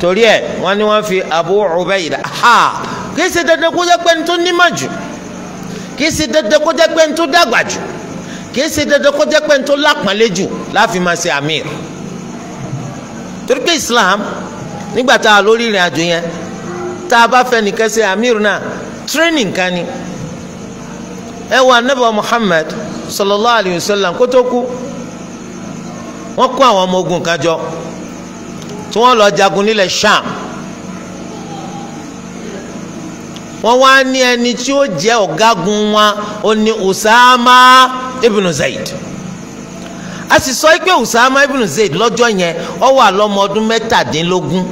torí ẹ̀ wọ́n ní wọ́n fi Abu Ubaida ha kì í ṣe dandan kó jẹ́ pé ní tó nímọ̀ jù kì í ṣe dandan kó jẹ́ pé ní tó dàgbà jù kìí ṣe dandan kó jẹ́ pé ń tó lápọ́nlé jù láfi máa ṣe amir torí pé islam nígbà tá a lórí ìrìn àjò yẹn tá a bá fẹ́ nìkan ṣe amir náà training kan ni ẹ wọ anabiwa muhammad sallallahu alayhi wa sallam kó tó kú wọ́n kó àwọn ọmọ ogun kan jọ tí wọ́n lọ jagun nílẹ̀ sham wọ́n wá ní ẹni tí ó jẹ́ ọ̀gágun wọn ó ní usama ibn zayd a sì sọ pé usama ibn zayd lọ́jọ́ yẹn ó wà lọ́mọ ọdún mẹ́tàdínlógún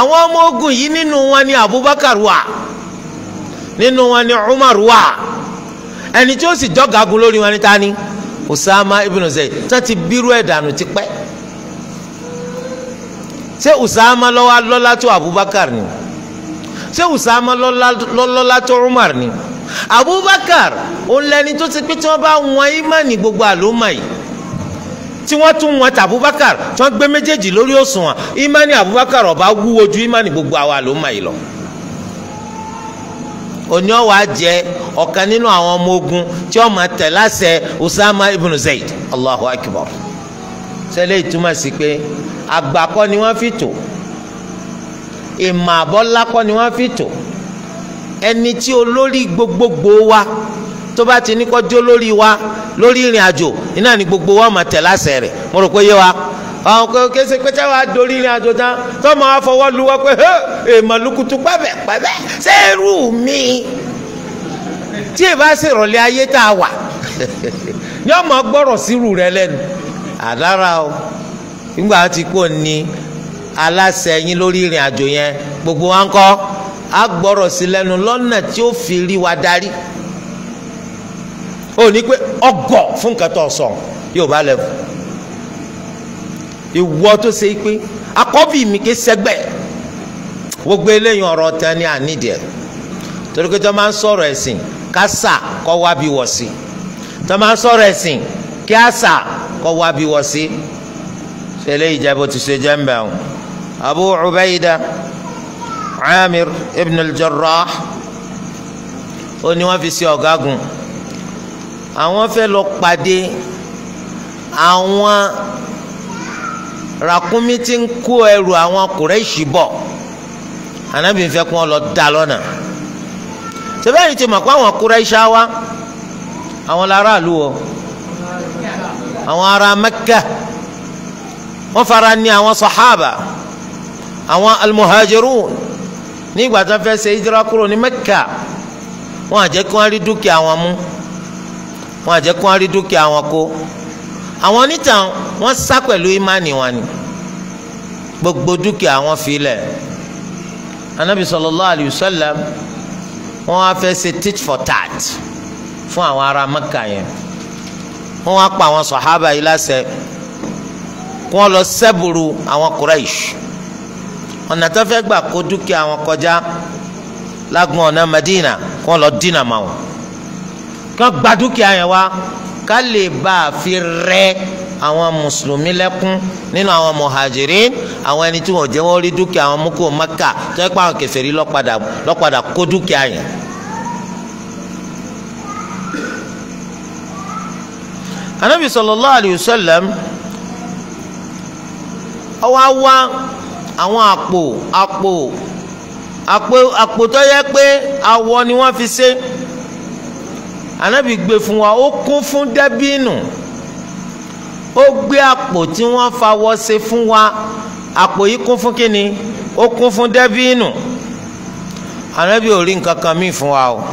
àwọn ọmọ ogun yìí nínú wọn ni abubakar wà nínú wọn ni umar wà ẹni tí ó sì jọ́gagun lórí wọn ni ta ni usama ibn zayd tó ti bírú ẹ̀ tipẹ́ ṣé usama lọ́wọ́ lọ́lá tó abubakar ni ṣé usama lọ́lá tó umar ni. Abubakar òun lẹni tó ti pé tí wọ́n bá wọn ìmánì gbogbo àlómà yìí tí wọ́n tún wọn tà Abubakar tí wọ́n gbé méjèèjì lórí òṣùwọ̀n ìmánì Abubakar ó bá wúwo ju ìmánì gbogbo àwọn àlómà yìí lọ òní ọ̀wọ́ àjẹ́ ọ̀kan nínú àwọn ọmọ ogun tí ó máa tẹ̀ láṣẹ Usama ibn Zayd Allahu akbar sẹ́lẹ̀ ìtumọ̀ sí pé àgbà kọ́ ni wọ́n fi tò ìmọ̀ àbọ́lá kọ́ ni wọ́n fi tò. ẹni tí olórí gbogbogbò wa tó bá ti ní kọjọ́ lórí wa lórí ìrìn àjò iná ni gbogbo wa máa tẹ̀ láṣẹ rẹ̀ mo rò pé yé wa àwọn kan kése pé wa dorí ìrìn àjò tán tó máa lu wa pé èèmọ̀ mi tí ì bá sì ayé tá a wà ni ọmọ gbọ́rọ̀ sírù rẹ lẹ́nu àdára o nígbà tí kò ní aláṣẹ yín lórí ìrìn àjò gbogbo wa á gbọ́rọ̀ sí lẹ́nu lọ́nà tí ó fi rí wa darí ó ní pé ọgọ̀ fún nǹkan tó sọ yóò bá lẹ́bù ìwọ tó ṣe pé akọ́bí mi ké sẹ́gbẹ́ gbogbo eléyìí ọ̀rọ̀ tán ni ànídìẹ torí pé tó máa ń sọ̀rọ̀ ẹ̀sìn kásà kọ́ wá bí wọ̀ sí tó máa ń sọ̀rọ̀ ẹ̀sìn kí àṣà wá bí wọ̀ sí ṣe eléyìí ti ṣe jẹ́ ń bẹ̀ ọ́n Abu Ubaida amir ibn al-jarrah ó ní wọ́n fi ṣe ọ̀gágun àwọn fẹ́ lọ pàdé àwọn ràkúnmí tí ń kó ẹrù àwọn kùrẹ́ṣì bọ̀ ànábì ń fẹ́ kí wọ́n lọ dá lọ́nà sẹ́fẹ̀rì ti mọ̀ pé àwọn kùrẹ́ṣà wa àwọn láràlú o àwọn ará mẹ́kà wọ́n fara ní àwọn sàhábà àwọn almuhajirun nígbà tó fẹ́ ṣe ìjírá kúrò ní mẹ́kà wọn àjẹ́ kí wọ́n rí dúkìá wọn mú wọn àjẹ́ kí wọ́n rí dúkìá wọn kó àwọn onítàn wọ́n sá pẹ̀lú ìmánì wọn ni gbogbo dúkìá wọn fi lẹ̀ anabi sallallahu alayhi wa sallam wọ́n wá fẹ́ ṣe teach for tat fún àwọn ará mẹ́kà yẹn wọ́n wá pa àwọn sọ̀hábà yìí láṣẹ kí wọ́n lọ sẹ́bùrù àwọn Quraysh ọ̀nà tó fẹ́ gbà kó dúkìá wọn kọjá lágùn ọ̀nà Madina kó lọ dínà mà wọn kó gba dúkìá yẹn wá ká lè bá a fi rẹ àwọn mùsùlùmí lẹ́kún nínú àwọn muhajirin àwọn ẹni tí wọ́n jẹ́ wọ́n rí dúkìá àwọn mú kó Mẹ́kà tó yẹ kó àwọn kèfèrí lọ́padà lọ́padà kó dúkìá yẹn. anabi sallallahu alayhi wa sallam ọwọ́ á àwọn àpò àpò àpò àpò tó yẹ pé awọ ni wọ́n fi ṣe anabi gbé fún wa ó kún fún dàbínù ó gbé àpò tí wọ́n fawọ́ ṣe fún wa àpò yìí kún fún kíni ó kún fún dàbínù anabi ò rí nǹkan kan míì fún wa o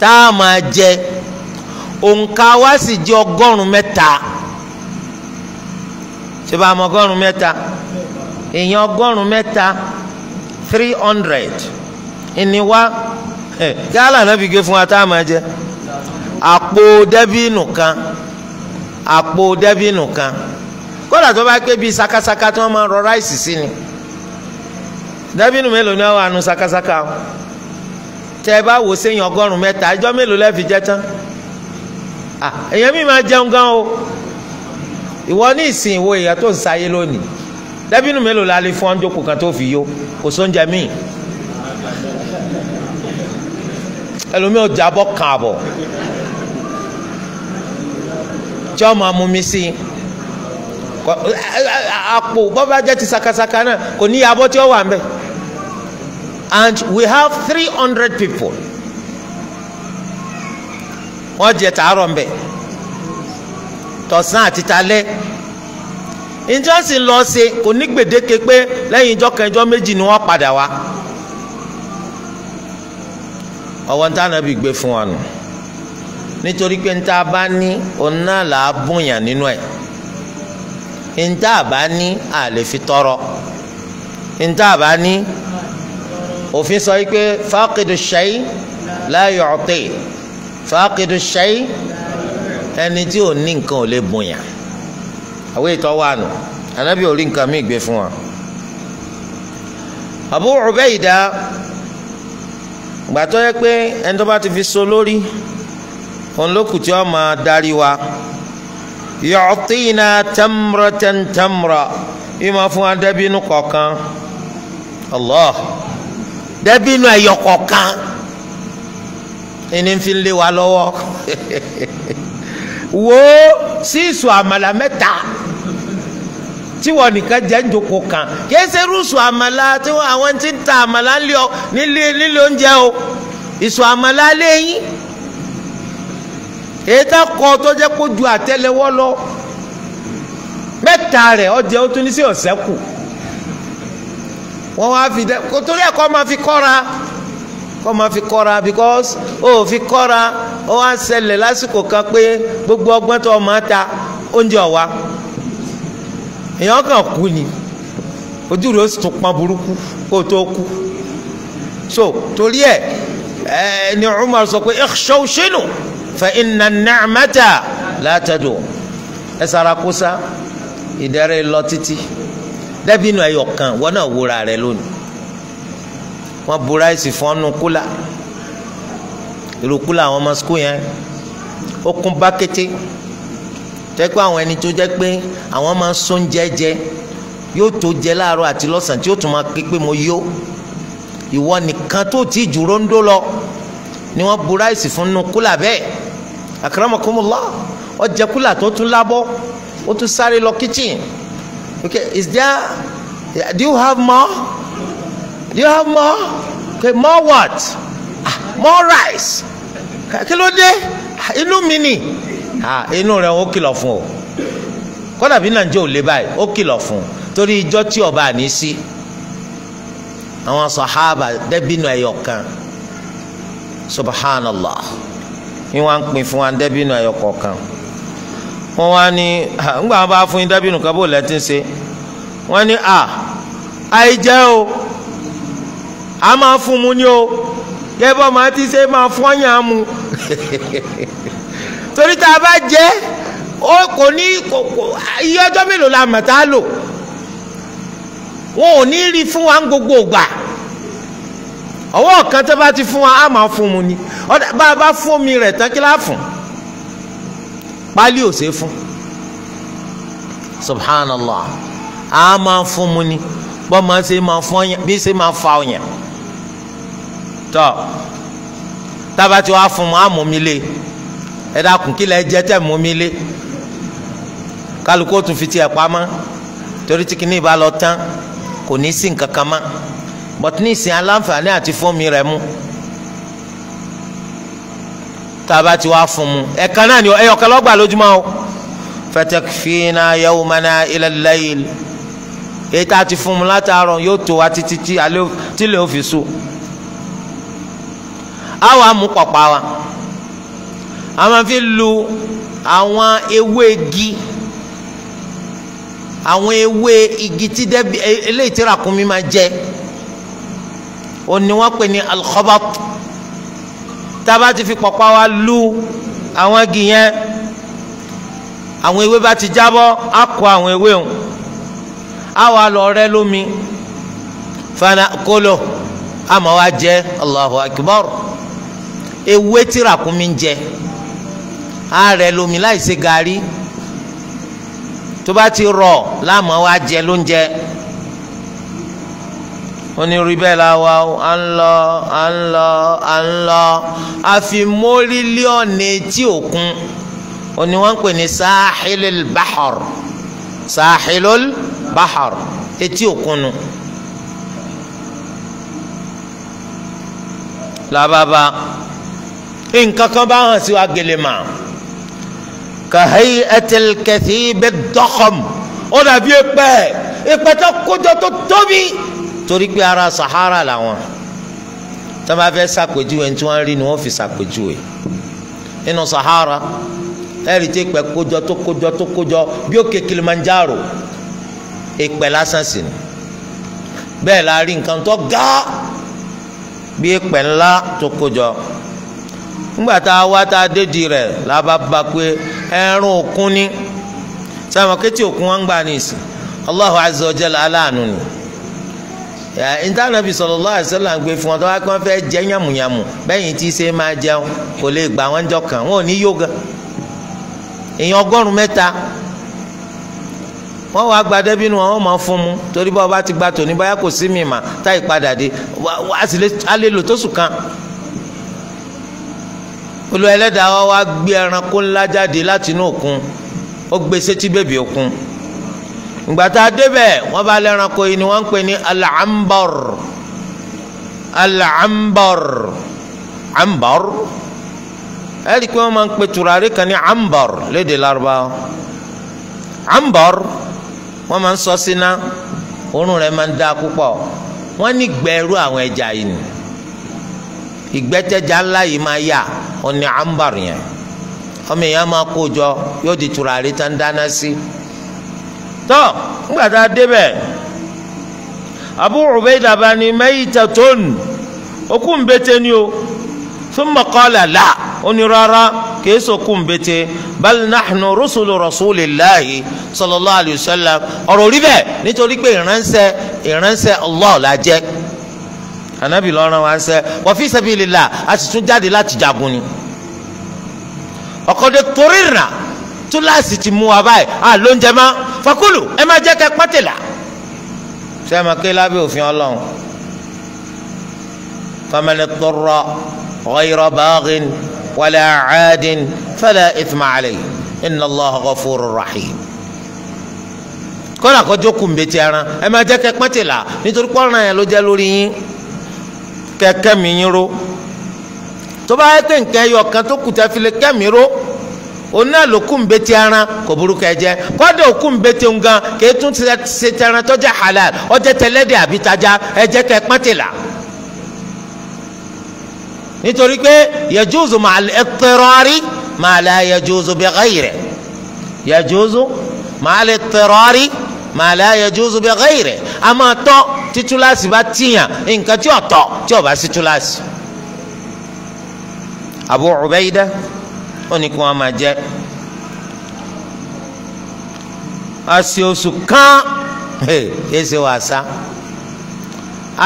tá a máa jẹ òǹkà wa sì jẹ ọgọ́rùn-ún mẹ́ta ṣé bá a mọ ọgọ́rùn-ún èèyàn ọgọ́rùn-ún mẹ́ta three hundred ìníwá eh, kí alànàbí gé fún wa tá a máa jẹ àpò dẹ́bìnù kan àpò dẹ́bìnù kan kódà tó bá pé bíi sakasaka tí wọ́n máa rọ ráìsì sí ni dẹ́bìnù mélòó ni wọ́n wà nù sakasaka o tẹ ẹ bá wò séyìn ọgọ́rùn-ún mẹ́ta ẹjọ́ mélòó lẹ́ẹ̀fi jẹ́ tán ah, èèyàn mi máa jẹun gan o ìwọ ní ìsìn ìwo èèyàn tó ń sáyé lónìí dàbínù mélòó la lè fún ọjọ́ kò kan tó fi yó kò sóúnjẹ míì ẹlòmíì ò jábọ́ kàn àbọ̀ tí wọ́n máa mú mi sí àpò bọ́bá jẹ́ ti sakasaka náà kò ní abọ́ tí ó wà ń and we have three hundred people wọ́n jẹ tàárọ̀ ń bẹ̀ tọ̀sán àti talẹ́ njẹ́ sì ń lọ ṣe kò ní gbèdéke pé lẹ́yìn ìjọ kan ìjọ méjì ni wọ́n padà wá ọwọ́ níta náà bí gbé fún wa nù nítorí pé níta bá ní òun náà là á bùnyàn nínú ẹ̀ níta bá ní à lè fi tọrọ níta bá ní òfin sọ wípé fáàkìdù ṣẹ́yí la yu'ti fáàkìdù ṣẹ́yí ẹni tí ò ní nǹkan ò lè bùnyàn àwọn ètò wà nù anabi ò rí nǹkan mí gbé fún wa. Abu Ubaida gbàtọ́ yẹ pé ẹni tó bá ti fi so lórí òun ló kù tí wọ́n máa darí wa yu'tina tamratan tamra yìí máa fún wa dẹ́bínú kọ̀ọ̀kan Allah dẹ́bínú ẹ̀yọ kọ̀ọ̀kan ẹni fi ń lé wa lọ́wọ́ wo sísun àmàlà mẹ́ta tí wọ́n nìkan jẹ́ ń joko kan kìí ṣe àmàlà tí àwọn ti ń ta àmàlà nílé oúnjẹ o ìṣù àmàlà lẹ́yìn èyí tá kọ tó jẹ́ kó ju àtẹ́lẹwọ́ lọ mẹ́ta rẹ̀ ọjẹ́ ó tún ní sí ọ̀sẹ́ kù wọ́n wá fi dẹ́ kó torí ẹ̀ máa fi kọ́ra kọ́ máa fi kọ́ra because ó oh, fi kọ́ra ó wá ń ṣẹlẹ̀ lásìkò kan pé gbogbo ọgbọ́n tó máa ta oúnjẹ ọ̀wá èèyàn kàn kú ni ojú rẹ̀ ó sì tún pọn burúkú kó o tó kú so torí ẹ ẹ ni Umar sọ pé ikhshaw shinu fa inna an-ni'mata ẹ sara kó sa ìdẹrẹ lọ títí dẹbi inú ẹyọ kan wọn náà wúra rẹ̀ lónìí wọn bu ráìsì fọnù kúlà irú kúlà àwọn ọmọ sukùl yẹn ó kún bákété jẹ́ pé àwọn ẹni tó jẹ́ pé àwọn máa ń sún jẹ́jẹ́ yóò tó jẹ láàárọ̀ àti lọ́sàn-án tí yóò tún máa ké pé mo yó ìwọ nìkan tó ti jùró ń dó lọ ni wọ́n bu ráìsì fún nu kúlà bẹ́ẹ̀ akramakumullah ó jẹ kúlà tó tún lábọ́ ó tún sáré lọ kitchen okay is there do you have more do you have more okay more what ah, more rice kí ló dé ah, inú mi ni. inú rẹ̀ ó kìlọ̀ fún o kódà bí nàìjíríà ò lè báyìí ó kìlọ̀ fún torí ijọ́ tí ọba àní sí kan subhanallah ni wọ́n ń pín fún wa dẹ́bìnú ẹ̀yọ̀ wọ́n wá ní wọn bá fún yín kan bó lẹ́tí ń ṣe wọ́n ní o a máa fún mu ní o gẹ́gẹ́ bọ́ máa ti ṣe máa mu torí tá a bá jẹ́ ó kò ní kò kò iye ọjọ́ mélòó la mọ̀ tá a lò wọn ò ní rí fún wa ń gbogbo ògbà ọwọ́ kan tó bá ti fún wa á máa fún mu ni bá a bá fún omi rẹ̀ tán kí láà fún pálí ò ṣe fún subhanallah a máa fún mu ni bọ́ máa ṣe máa fún ọyàn bí ṣe máa fa ọyàn tọ́ tábàtì wa fún mu á mú mi lé ẹ dákun kí lẹ jẹ tẹ mú mi lé kálukú ó tún fi tiẹ̀ pamọ́ torí tí kìíní bá lọ tán kò ní sí nǹkan kan mọ́ bọ́tí ní ìsìn aláǹfààní àti fómi rẹ̀ mú tá a bá ti wá fún mu ẹ̀kan náà ni ẹ̀yọ̀kan lọ́gbà lójúmọ́ o fatakfina yawmana ila mana layl èyí tá a ti fún mu látàárọ̀ yóò tó wa títí tí alẹ́ tí lè fi so àwọn amú pọ̀pá wa a máa fi lu àwọn ewé igi àwọn ewé igi tí dẹ́bi e, eléyìí tí ràkúnmí máa jẹ òní wọ́n pè ní alkhobat tába ti fi pọ̀pá wa lu àwọn igi yẹn àwọn ewé bá ti jábọ́ á kó àwọn ewé o á wà lọ rẹ lómi fana kolo àmọ́ wa jẹ Allahu akbar ewé tí ràkúnmí ń jẹ. A rẹ lomi láì ṣe gàrí tó bá ti rọ̀ láàmú wa jẹ lóúnjẹ onírú bẹ́ẹ̀ la wa à ń lọ à ń lọ à ń lọ àfi mórílíọ̀nù etí òkun oní wọn ń pè ní sahilil bahar sahilul bahar etí òkun nu. làbàbà nǹkan kan bá hàn sí wa gèlè màá kàhẹ́yì ẹtìl kẹsì bẹ dọ́kọ̀m ó dàbí ẹ̀pẹ̀ ẹ̀pẹ̀ tó kójọ tó tóbi torí pé ara sahara làwọn tí wọ́n bá fẹ́ ṣàpèjúwe tí wọ́n rí ni wọ́n fi ṣàpèjúwe nínú sahara ẹ̀rì tí ẹ̀pẹ̀ kójọ tó kójọ tó kójọ bí òkè Kilimanjaro ẹ̀pẹ̀ lásán sí ni bẹ́ẹ̀ la rí nǹkan tó ga bí ẹ̀pẹ̀ ńlá tó kójọ. ńgbà tá a wá tá a la bá pé òkun ni sáwọn akétí òkun wọn gbà Allahu ni gbé fún tó wá pé fẹ́ yàmùyàmù bẹ́yìn tí ṣe máa jẹun kò lè gbà jọ kàn ò ní yóga èèyàn ọgọ́rùn mẹ́ta gba nu wọn máa fún mu torí bá wọn bá ti gba mi mà táyì olú ẹlẹ́dàá wa wá gbé ẹranko ńlá jáde láti inú òkun ó gbé e sétí bèbè òkun ìgbàtà débẹ̀ wọ́n bá lẹ́ranko yìí ni wọ́n ń pè ní al-anbar al-anbar anbar ẹ̀rí pé wọ́n máa ń pè tùràrí kan ní anbar léde Lárúbáwá anbar wọ́n máa ń sọ sínú òórùn rẹ̀ máa ń dá púpọ̀ wọ́n ní gbẹ̀rú àwọn ẹja yìí nìyí ìgbẹ́tẹ̀já ńlá yìí máa yà ọ̀nì ambar yẹn ọmọ èèyàn máa kó jọ yóò di tùràrí tán dáná sí. tọ́ ńgbà tá a débẹ̀ Abu Ubayda bá ní maytatun òkú ń bẹ́tẹ̀ ni o thumma qala la ó ní rárá kìí sọkú ń bẹ́tẹ̀ bal nahnu rusulu rasulillahi sallallahu alayhi wa ọ̀rọ̀ orí bẹ́ẹ̀ nítorí pé ìránṣẹ́ ìránṣẹ́ Allah jẹ́ anabi lọ́rùn wa ń sẹ́ wa fi sabilillah a sì tún jáde láti jagun ni ọ̀kọ́dẹ torí rìnnà túláàsì ti mú wa báyìí a ló ń jẹ mọ́ fakulu ẹ má jẹ́ kẹ́ pátìlà sẹ́mi ké lábẹ́ òfin ọlọ́run faman ittara ghayra baghin wala aadin fala ithma alayhi inna allaha ghafurur rahim kọ́lá kọjọ́ kùnbẹ́tì ẹran ẹ má jẹ́ kẹ́ pátìlà nítorí pọ́nrán yẹn ló jẹ́ lórí yín kẹkẹ mi yín ró tó bá yẹ pé nǹkan ẹyọ kan tó kù tẹ́ fi lè kẹ́mi ró òun náà ló kún bẹ́tẹ̀ ẹran kò burúkú ẹ jẹ kọ́dọ̀ ó kún bẹ́tẹ̀ ń gan kì í tún ṣe tẹran tó jẹ́ halal ọjẹ́ tẹlẹ́dẹ̀ àbí tajà ẹ jẹ́ kẹ́ pọ́ntìlà nítorí pé yajuzu ma'al ittirari ma la yajuzu bi ghayri yajuzu ma'al ittirari ma la yajuzu bi ghayri àmọ́ tọ́ tí túláàsì bá tìyàn nǹkan tí ọ̀tọ̀ tí ó bá sí túláàsì. Abu Ubaida oni ní kí wọ́n máa jẹ́ àsì oṣù kan ẹsẹ̀ wà sá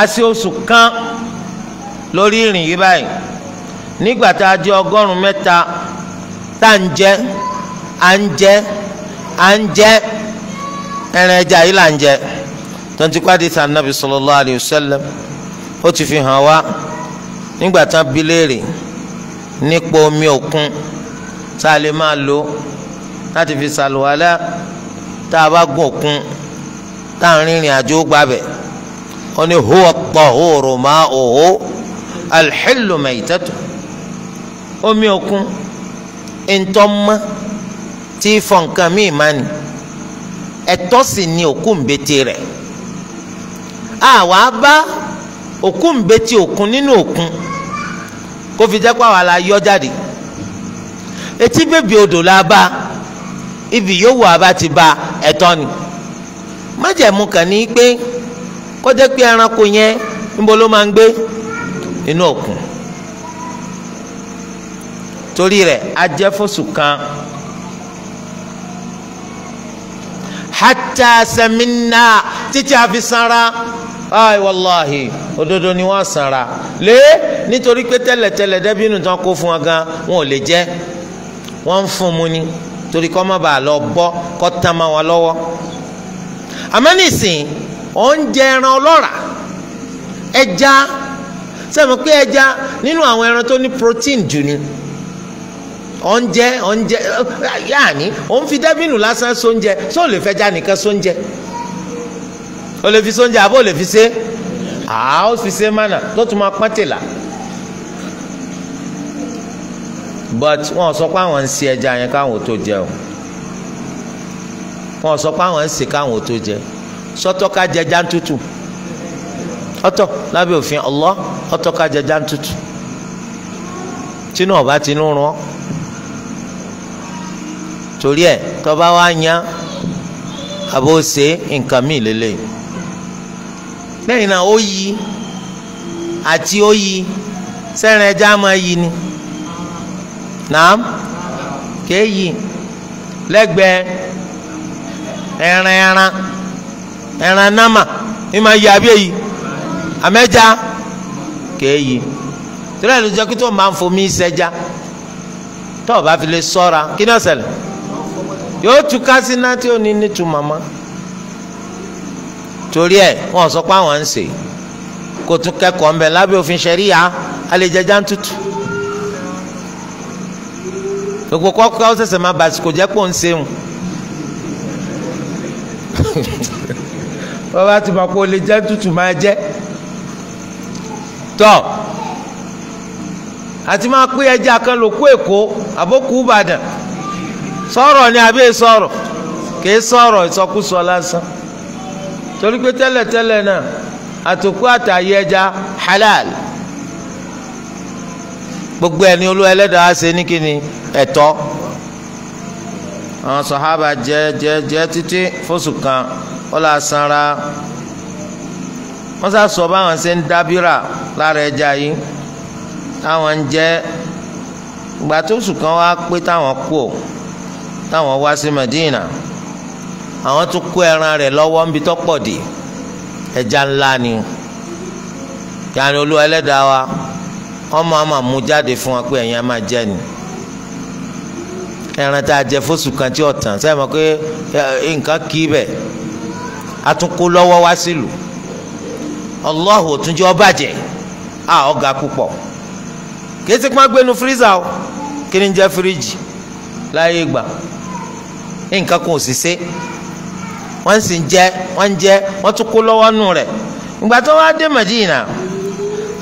àsì oṣù kan lórí ìrìn yìí báyìí nígbà tá a jẹ ọgọ́rùn-ún tá à jẹ à ń jẹ à ń jẹ ẹran ẹja yìí là ń jẹ tonti kwa hadith anabi sallallahu alayhi wa sallam ó ti fi hàn wá nígbà tá a bi léèrè nípa omi òkun tá a lè máa lò láti fi ṣàlùwalá tá a bá gùn òkun tá a rìnrìn àjò gbàbẹ̀ ó ní huwa tahuru ma'uhu alḥillu maitatu omi òkun ntọ́mọ́ tí fọ̀nkàn mí ìmánì ẹ̀tọ́ sì ni òkú ń bete rẹ̀. àwa bá òkun bẹ́tì òkun nínú òkun kó fi jẹ́ pé àwa la yọ jáde etí bèbè odò la bá ibi yòówù àbá ti ba ẹ̀tọ́ ni májẹ̀mú kàn ní pé kọjá pé ẹranko yẹn níbo ló máa ń gbé inú òkun torí rẹ̀ ajẹ́fóṣù kan hatta sẹ́mínà títí a sanra. Ai wàláhì òdodo ni wọ́n sanra lé nítorí pé tẹ́lẹ̀tẹ́lẹ̀ dẹ́bínú tán kó fún wọn gan wọn ò lè jẹ wọ́n ń fún mu ni torí kọ́ má bàa lọ bọ́ kọ́ tán ma wọn lọ́wọ́ àmọ́ nísìn oúnjẹ ẹran ọlọ́ra ẹja sẹ́mi pé ẹja nínú àwọn ẹran tó ní protein jù ni oúnjẹ oúnjẹ yáàní òun fi dẹ́bínú lásán sóúnjẹ sóò lè nìkan sóúnjẹ. So o lè fi sóúnjẹ abo, o lè fi ṣe àá ó fi ṣe mánà tó tún máa pọ́n but wọn sọ pé àwọn ń ṣe ẹja yẹn káwọn ò tó jẹ o wọn sọ pé àwọn ń ṣe káwọn ò tó jẹ sọtọ ká jẹ jántutù ọ̀tọ̀ lábẹ́ òfin Allah ọ̀tọ̀ ká jẹ jántutù Tinu ọba tinu rún ọ torí ẹ tọba wa yan àbó ṣe nǹkan míì lélẹyìí. lẹ́yìn náà ó yí àti ó yí ẹja máa yí ni nàám kéyì lẹ́gbẹ̀ẹ́ ẹran ẹran ẹran námà ìmọ̀ yí àbí èyí àmẹ́ja kéyì torí ló jẹ́ kí tó máa ń fomi sẹ́ja tó o bá fi lè sọ́ra kí ni yóò tí ní torí ẹ wọn sọ pé àwọn ń ṣe kó tún kẹ́kọ̀ọ́ ńbẹ lábẹ́ òfin ṣẹríya a lè jẹ jáǹtutù gbogbo kọ́kọ́ ó ṣẹ̀ṣẹ̀ máa bàtì kò jẹ́ pò ń ṣeun wọ́n bá ti mọ̀ pé o lè jẹ́ tútù máa jẹ́ tọ́ àti máa pé ẹja kan ló kú èkó àbókù ìbàdàn sọ̀rọ̀ ni àbí sọ̀rọ̀ kì í sọ̀rọ̀ ìsọkúsọ lásán torí pé tẹ́lẹ̀tẹ́lẹ̀ náà àtòkù àtàyè ẹja halal gbogbo ẹni olú ẹlẹ́dàá ṣe ní kíni ẹ̀tọ́ àwọn sọ̀hábà jẹ jẹ jẹ títí fóṣù kan wọ́n la sanra wọ́n sá sọ báwọn ṣe ń dábìrà lára ẹja yìí táwọn ń jẹ ìgbà tó kan wá pé táwọn kú ò táwọn wá sí Medina. àwọn tún kó ẹran rẹ lọ́wọ́ níbi tó pọ̀ dé ẹja ńlá ni yàrá olúwa ẹlẹ́dàá wa ọmọ àmà mú jáde fún wa pé ẹ̀yin á máa jẹ ni ẹran tá a jẹ fóṣù kan tí ọtàn sẹ́yìn mọ̀ pé nǹkan kì í bẹ̀ a tún kó lọ́wọ́ wá sílù ọlọ́hùn a ọ̀gá púpọ̀ kì í ti fírísà o kí ni jẹ́ fíríjì láyé ìgbà nǹkan kan ò sì ṣe wọ́n sì ń jẹ wọ́n ń jẹ wọ́n tún kó lọ́wọ́ nù rẹ̀ ìgbà tó wá dé Madina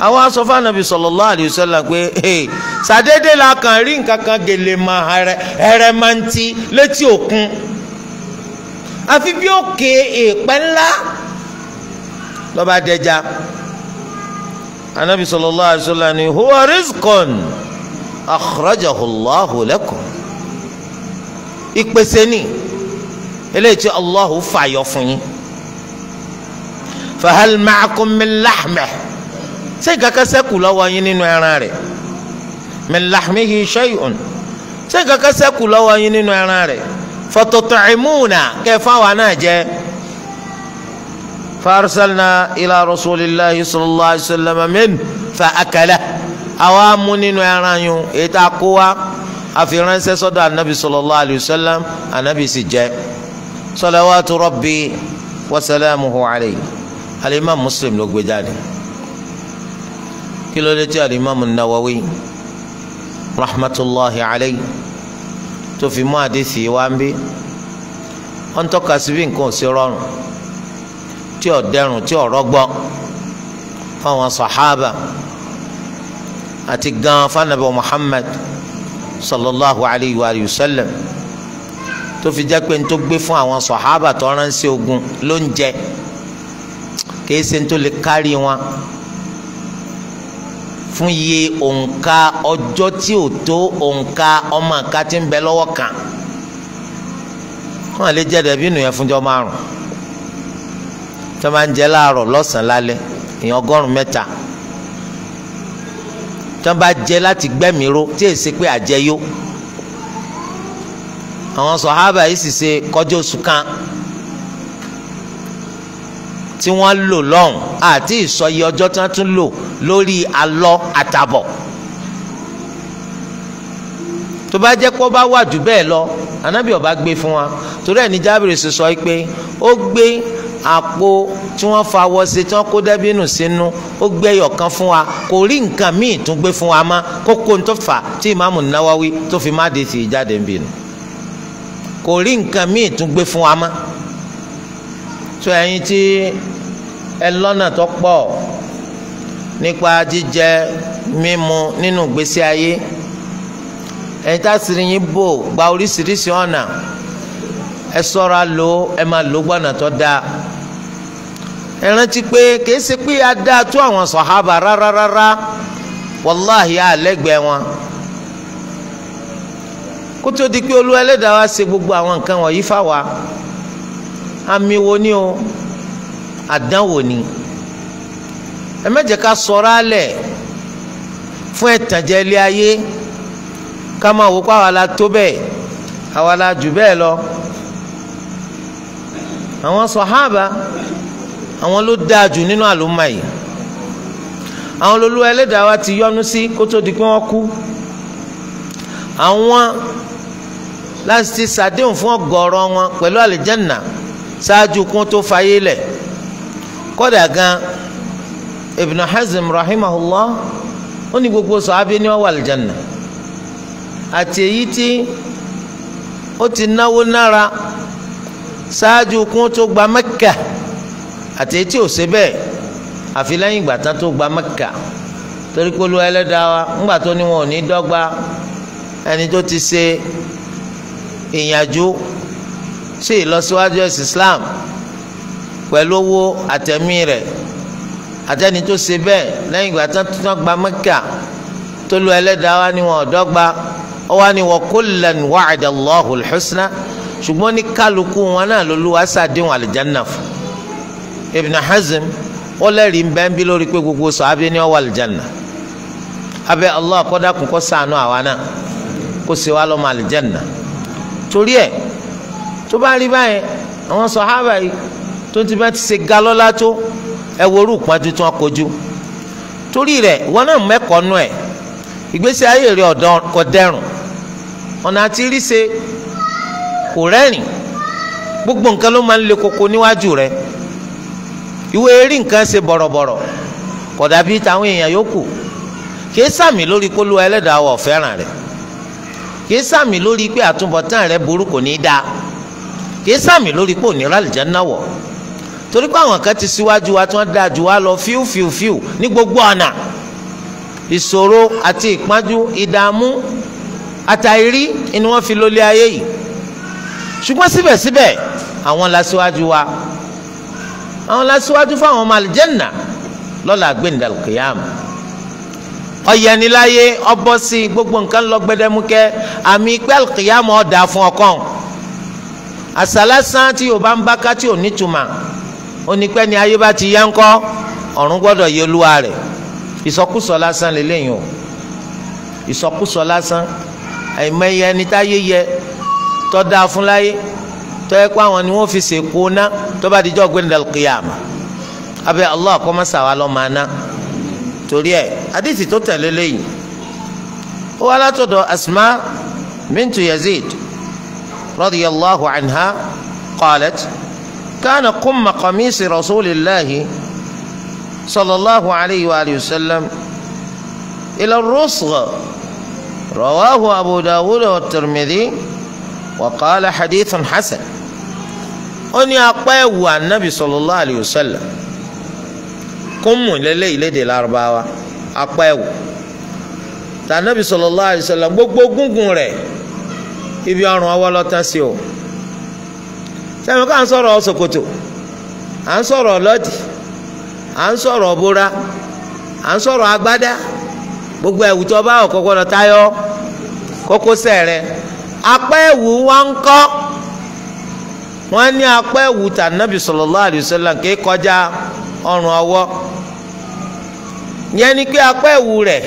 àwọn asọ́fà nàbì sallallahu alayhi wa sallam pé sàdédé la kàn rí nǹkan kan gèlè mà ẹrẹmàntì létí òkun àfi bí òkè èèpẹ̀ ńlá lọ́ba dẹja anabi sallallahu alayhi ni huwa rizqun akhrajahu Allahu ìpèsè ni eléyìí tí allah fàyọ fún yín fahal ma'akum min lahmih ṣé kankan ṣẹ́kù lọ́wọ́ yín nínú ẹran rẹ̀ min lahmihi shay'un ṣé kankan ṣẹ́kù lọ́wọ́ yín nínú ẹran rẹ̀ fatut'imuna kẹfà wà náà jẹ farsalna ila rasulillahi sallallahu alayhi wa sallam min fa akala àwa mú nínú ẹran yín èyí tá anabi sallallahu alayhi wa sallam anabi sì jẹ salawatu rabbi wa salamuhu alayhi alimami muslim ló gbé jáde kí ló dé tí alimami nawawi rahmatulahi alayhi tó fi mú àdìsí wá ń bí wọn tọ́ka sí bí nǹkan ò sí rọrùn tí ò dẹrùn tí ò rọgbọ fáwọn sàhábà àti gan fanabi muhammad sallallahu alayhi wa sallam tó fi jẹ́ pé n tó gbé fún àwọn sọ̀hábà tó ránṣẹ́ ogun ló ń jẹ kìí ṣe n tó lè kárí wọn fún iye òǹkà ọjọ́ tí ò tó òǹkà ọmọ àká tí ń bẹ lọ́wọ́ kan wọn lè jẹ dẹbí nìyẹn fúnjọ márùn tó máa ń jẹ láàárọ̀ lọ́sàn-án lálẹ́ èèyàn ọgọ́rùn-ún mẹ́ta tó bá jẹ láti gbẹ́mìíró tí èsì pé àjẹyó àwọn sọ̀hábà yìí sì ṣe kọjá oṣù kan tí wọ́n lò lọ́hùn àti ìsọyí ọjọ́ tí wọ́n tún lò lórí alọ́ àtàbọ̀ tó bá jẹ́ pé ó bá wà jù bẹ́ẹ̀ lọ anábì ọba gbé fún wa torí ẹ̀ ní jábìrì sì sọ pé ó gbé àpò tí wọ́n fa awọ ṣe tí wọ́n kó dẹ́bínú sínú ó gbé ẹyọ̀kan fún wa kò rí nǹkan míì tún gbé fún wa mọ́ kókó tó fà tí ìmáàmù Nawawi tó fi má de tì jáde ń bínú. kò rí nǹkan míì tún gbé fún wa mọ́ tó ẹ̀yin tí ẹ lọ́nà pọ̀ nípa jíjẹ mímu nínú ayé tá sì yín bò gba oríṣiríṣi ọ̀nà ẹ ṣọ́ra lò ẹ máa lò gbọ́nà tó dáa ẹ rántí pé pé a dáa tó kó tó di pé olúwa ẹlẹ́dàá wa ṣe gbogbo àwọn nǹkan wọ̀nyí fáwa àmì wo ni o àdánwò ni ẹ má jẹ́ ká sọ̀rọ̀ alẹ̀ fún ẹ̀tànjẹ ilé ayé ká máa wò pé àwa la tó bẹ́ẹ̀ àwa la jù bẹ́ẹ̀ lọ àwọn sàhábà àwọn ló dáa jù nínú àlùmọ́ yìí àwọn olólùwà ẹlẹ́dàá wa ti yọ́nú sí kó di pé wọ́n kú àwọn láti ti sàdéhùn fún ọ̀gọ̀rọ̀ wọn pẹ̀lú àlìjẹ́nà ṣáájú kún tó fayé lẹ̀ kódà gan Ibn Hazm rahimahullah ó ní gbogbo sàábé ní wọ́n wà àlìjẹ́nà àti èyí tí ó ti náwó nára ṣáájú kún tó gba Mẹ́kà àti èyí tí ò ṣe bẹ́ẹ̀ àfi lẹ́yìn ìgbà tán tó gba Mẹ́kà torí pé Olúwa ẹlẹ́dàá wa ńgbà tó ní wọn ò ní dọ́gba ẹni tó ti ṣe ìyànjú sí ìlọsíwájú ẹ̀sìn Islam pẹ̀lú owó àtẹ̀mí rẹ̀ àtẹni tó ṣe bẹ́ẹ̀ lẹ́yìn ìgbà tán tó gba Mẹ́kà tó lu ẹlẹ́dàá wá ní wọn ọ̀dọ́gba ó wá ní wa kullan wa'ada Allahu al-husna ṣùgbọ́n ní kálukú wọn náà lÓlúwa ṣàdéhùn àlìjánná fún Ibn Hazm ó lẹ́rìí ń bẹ́ẹ̀ bí lórí pé gbogbo sàhábé ni ó wà àlìjánná abẹ́ Allah kó kó ṣàánú àwa náà kó ṣe wá lọ́mọ àlìjánná torí ẹ̀ tó bá rí báyẹn àwọn sọ̀hábà yìí tó ti bá ti ṣe ga lọ́lá tó ẹ worú ìpọ́njú tí wọ́n kojú torí rẹ̀ wọn náà mẹ́kọ̀ọ́ nú ẹ̀ ìgbésí ayé rẹ̀ kò dẹrùn ọ̀nà àti ríṣe kò rẹ́rìn gbogbo nǹkan ló máa ń le koko níwájú rẹ̀ ìwé eré nǹkan ṣe bọ̀rọ̀bọ̀rọ̀ kò dàbí tàwọn èèyàn yòókù kì í sàmì lórí kólú ẹlẹ́dàá wọ̀ fẹ́ràn rẹ̀ kìí sàmì lórí pé àtúbọ̀tán rẹ burú kò ní í dáa kìí sàmì lórí pé òní ràlìjẹ́ náwọ̀ torí pé àwọn kan ti síwájú wa tí wọ́n dáa jù wá lọ fíú fíú fíú ní gbogbo ọ̀nà ìṣòro àti ìpájú ìdààmú àtàìrí ni wọ́n fi lólé ayé yìí ṣùgbọ́n síbẹ̀síbẹ̀ àwọn lásìwájú wa àwọn lásìwájú fáwọn ọmọ àlìjẹ́nà lọ́la gbẹ̀ndàlùkìyàmù ọ̀yẹ́niláyé ọbọ̀ sí gbogbo nǹkan lọ gbẹdẹmukẹ àmì pẹ́ẹ́lìkìyàmọ̀ ọ̀dà fún ọkàn àsálásán tí yorùbá ń bá ká tí ò ní tuma onípẹ́ ni ayé bá ti yá ńkọ́ ọ̀run gbọ́dọ̀ yẹ olúwa rẹ̀ ìsọkúsọ lásán lélẹ́yìn o ìsọkúsọ lásán àìmọye ẹni táyé yẹ tọ́da fúnláyé tọ́yẹ pé àwọn ni wọ́n fi ṣèkó ná tó bá dijọ́ gbẹ́ndàlùkìyàmù abẹ́ Allah kọ́mọ́sà wa lọ́ọ́ máa ná. torí ẹ hadisi tó tẹ̀lé lẹ́yìn ó wá látọ̀dọ̀ asma bintu yazid radiyallahu anha qalat kana qumma qamisi rasulillahi sallallahu alayhi wa alihi wa sallam ila rusgha rawahu abu dawud wa tirmidhi wa qala hadithun hasan ó ní apá ẹ̀wù anabi sallallahu alayhi wa sallam. kúmù lélẹ́yìí akpa ewu. apá ẹ̀wò tànàbí sallallahu alaihi wasallam gbogbo gungun rẹ̀ ibi ọrùn ọwọ́ lọ́tàn si o sẹ́mi ká à ń sọ̀rọ̀ ṣòkòtò à ń sọ̀rọ̀ lọ́dì à ń sọ̀rọ̀ à ń gbogbo ẹ̀wù bá ọ̀kọ́ ń ní tànàbí ọrùn ọwọ́ yẹn ni pé apá ẹ̀wù rẹ,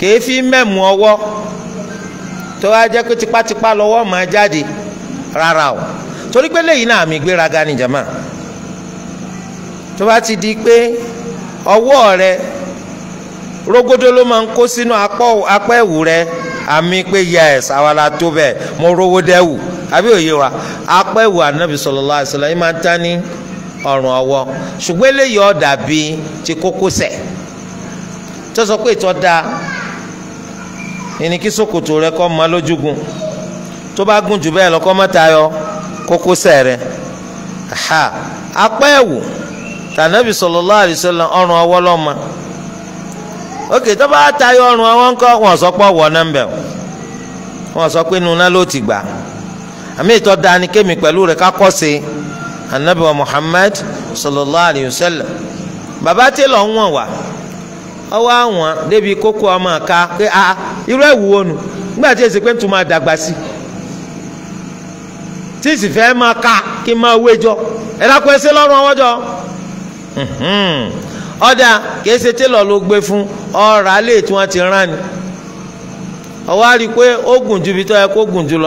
kìí fi mẹ́mú ọwọ. tó wá jẹ́ pé tipátipá lọ́wọ́ máa jáde rárá o torí pé lẹ́yìn náà àmì ìgbéraga ni tó bá ti di pé ló máa ń kó sínú apá àmì pé yes la tó mo rówó àbí òye wa apá máa ọrùn ọwọ ṣùgbọ́n eléyìí ó bíi ti kókósẹ̀ tó pé ìtọ́ da ẹni kí ṣòkòtò rẹ kó lójúgun tó bá gùn jù bẹ́ẹ̀ lọ kó má tayọ kókósẹ̀ rẹ ọrùn ọwọ́ lọ́mọ tó bá tayọ ọrùn ọwọ́ ńkọ́ wọn sọ pé ọwọ́ wọn sọ pé nuna ló ti gbà àmì rẹ̀ anabi wa muhammad sallallahu alayhi wa sallam bàbá télọ̀ ń wọ̀n wá ọwọ́ àwọn débi kókó ọmọ ká pé a ah, irú ẹ̀wù wo nu nígbà tí èsì pé ń tún máa dàgbà sí tí sì fẹ́ máa ká kí n máa jọ ẹ dákun ẹ lọ́rùn ọ̀dà kìí fún ọ̀rá lè tí wọ́n ti rán ni ọwọ́ pé ó gùn ju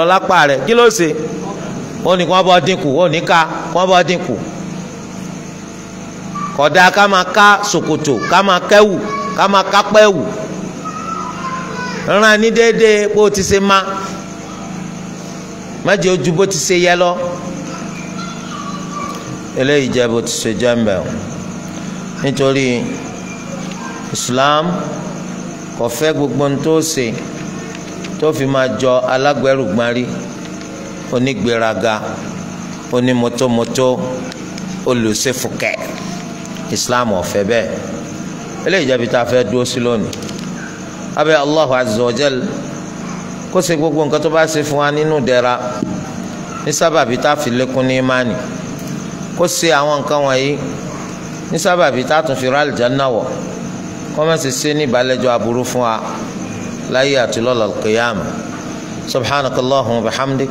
wọ́n ní kí wọ́n bọ́ dínkù wọ́n ní ká kí wọ́n bọ́ dínkù kódà ká máa ká ṣòkòtò ká máa kẹ́wù ká máa kápẹ́ rán ní déédéé bó ti ṣe má má jẹ́ ojú bó ti ṣe yẹ lọ eléyìí jẹ́ bó ti ṣe jẹ́ ń bẹ̀ o nítorí Islam kò fẹ́ gbogbo ohun tó ṣe tó fi máa jọ alágbẹ̀rùgbọ́n rí onígbéraga onímọ́tómọ́tó olùsèfùkẹ́ islam ọ̀fẹ́ bẹ́ẹ̀ eléyìí jẹ́ bí tá a fẹ́ dúró sí lónìí abẹ́ allahu azza wa jal kó ṣe gbogbo nǹkan tó bá ṣe fún wa nínú dẹ̀ra ní sábàbí tá a fi lékún ní imáni kó ṣe àwọn nǹkan wọ̀nyí ní sábàbí tá a tún fi ráàlì jáná wọ̀ kó má ní ìbálẹ́jọ́ aburú fún wa láyé àti lọ́la al-qiyama subhanakallahumma wa bihamdik.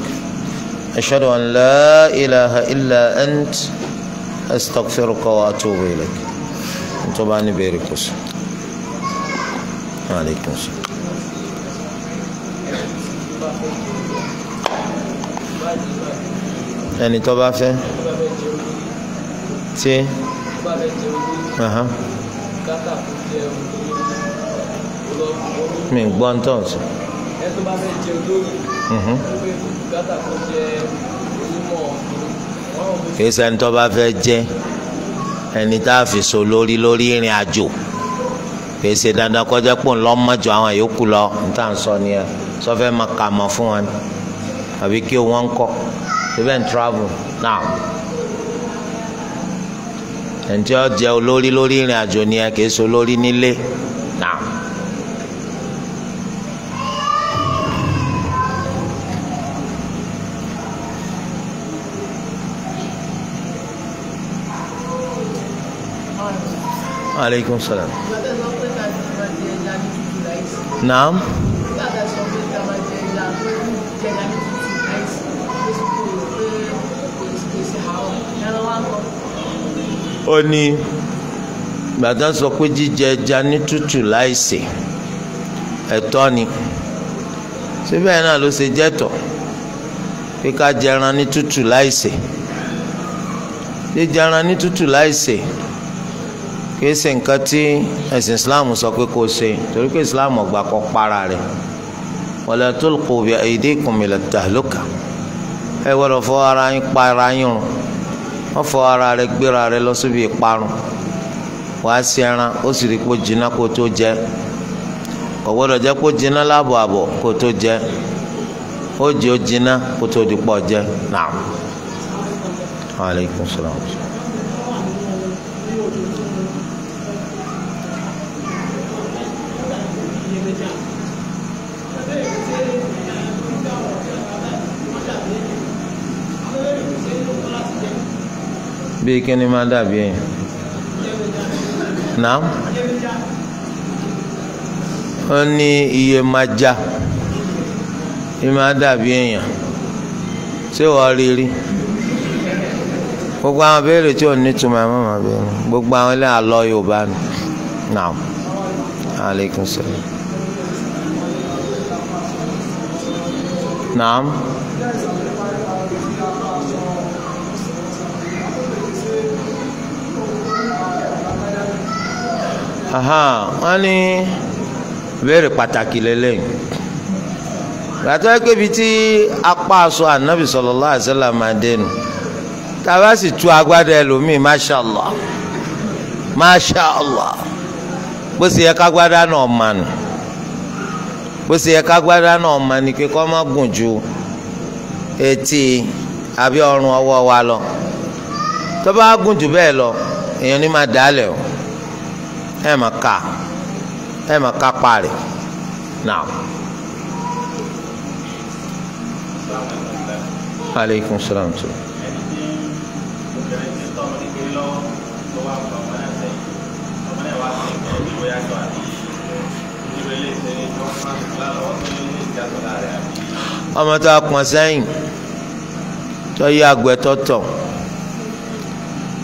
أشهد أن لا إله إلا أنت أستغفرك وأتوب إليك طبعا بيركوس وعليكم السلام ẹni tó bá fẹ́ tí mi gbọ́ ń tọ̀ sí bùkátà kó jẹ́ onímọ̀ fẹ́ jẹ́ ẹni tá a fi so lórí lórí ìrìn àjò kì í ṣe dandan kọjá pò ń lọ́mọ́jọ àwọn yòókù lọ níta ń sọ nìyẹn sọfẹ́ máa kà mọ́ fún wọn àbí kí wọ́n ń kọ́ even travel now ẹni tí ó jẹ́ olórí lórí ìrìn àjò nìyẹn kì í so nílé. aleykum salaam. naam. ó ní gbàtà sọ pé jíjẹ ẹja ní tútù láìsè ẹ̀tọ́ ni síbẹ̀ náà ló ṣe jẹ́tọ̀ pé ká jẹran ní tútù láìsè jíjẹran ní tútù láìsè kìí ṣe nǹkan tí ẹ̀sìn islam sọ pé kò ṣe torí pé islam ọgbà kọ para rẹ̀ wala tulqu bi aydikum ila tahluka ẹ gbọ́dọ̀ fọ ara yín pa ara yín run wọ́n fọ ara rẹ̀ gbéra rẹ̀ lọ síbi ìparun wàá sí ẹran ó sì rí pé jiná kó tó jẹ kò gbọ́dọ̀ jẹ́ kó jiná láàbọ̀ àbọ̀ kó tó jẹ ó jẹ́ ó jiná kó tó di pọ̀ jẹ naam. aleykum salaam. bí kíni máa dàbí ẹ̀yìn náà ó ní iye máa já iye máa dàbí èèyàn ṣé wàá rí rí gbogbo àwọn béèrè tí ò ní túmọ̀ ẹ̀ mọ̀mọ́ béèrè gbogbo àwọn ilé àlọ́ Yorùbá ni náà aleykum salaam. Naam. wọ́n ní béèrè pàtàkì lélẹ́yìn gbàtọ́ ẹ ibi tí apá aṣọ ànábì sallallahu alaihi wasallam máa dénú tàbá sì tu agbádá ẹlòmíì masha allah bó ṣe yẹ kágbádá náà mà nù bó yẹ náà mà ní má gùn ju etí àbí ọrùn ọwọ́ wa lọ tó bá gùn jù bẹ́ẹ̀ lọ èèyàn ní máa o. ẹ mà ká ẹ mà ká parí náà. aleykum salaam tu. ọmọ tó a kàn sẹ́yìn tó yí agbẹ́tọ̀tọ̀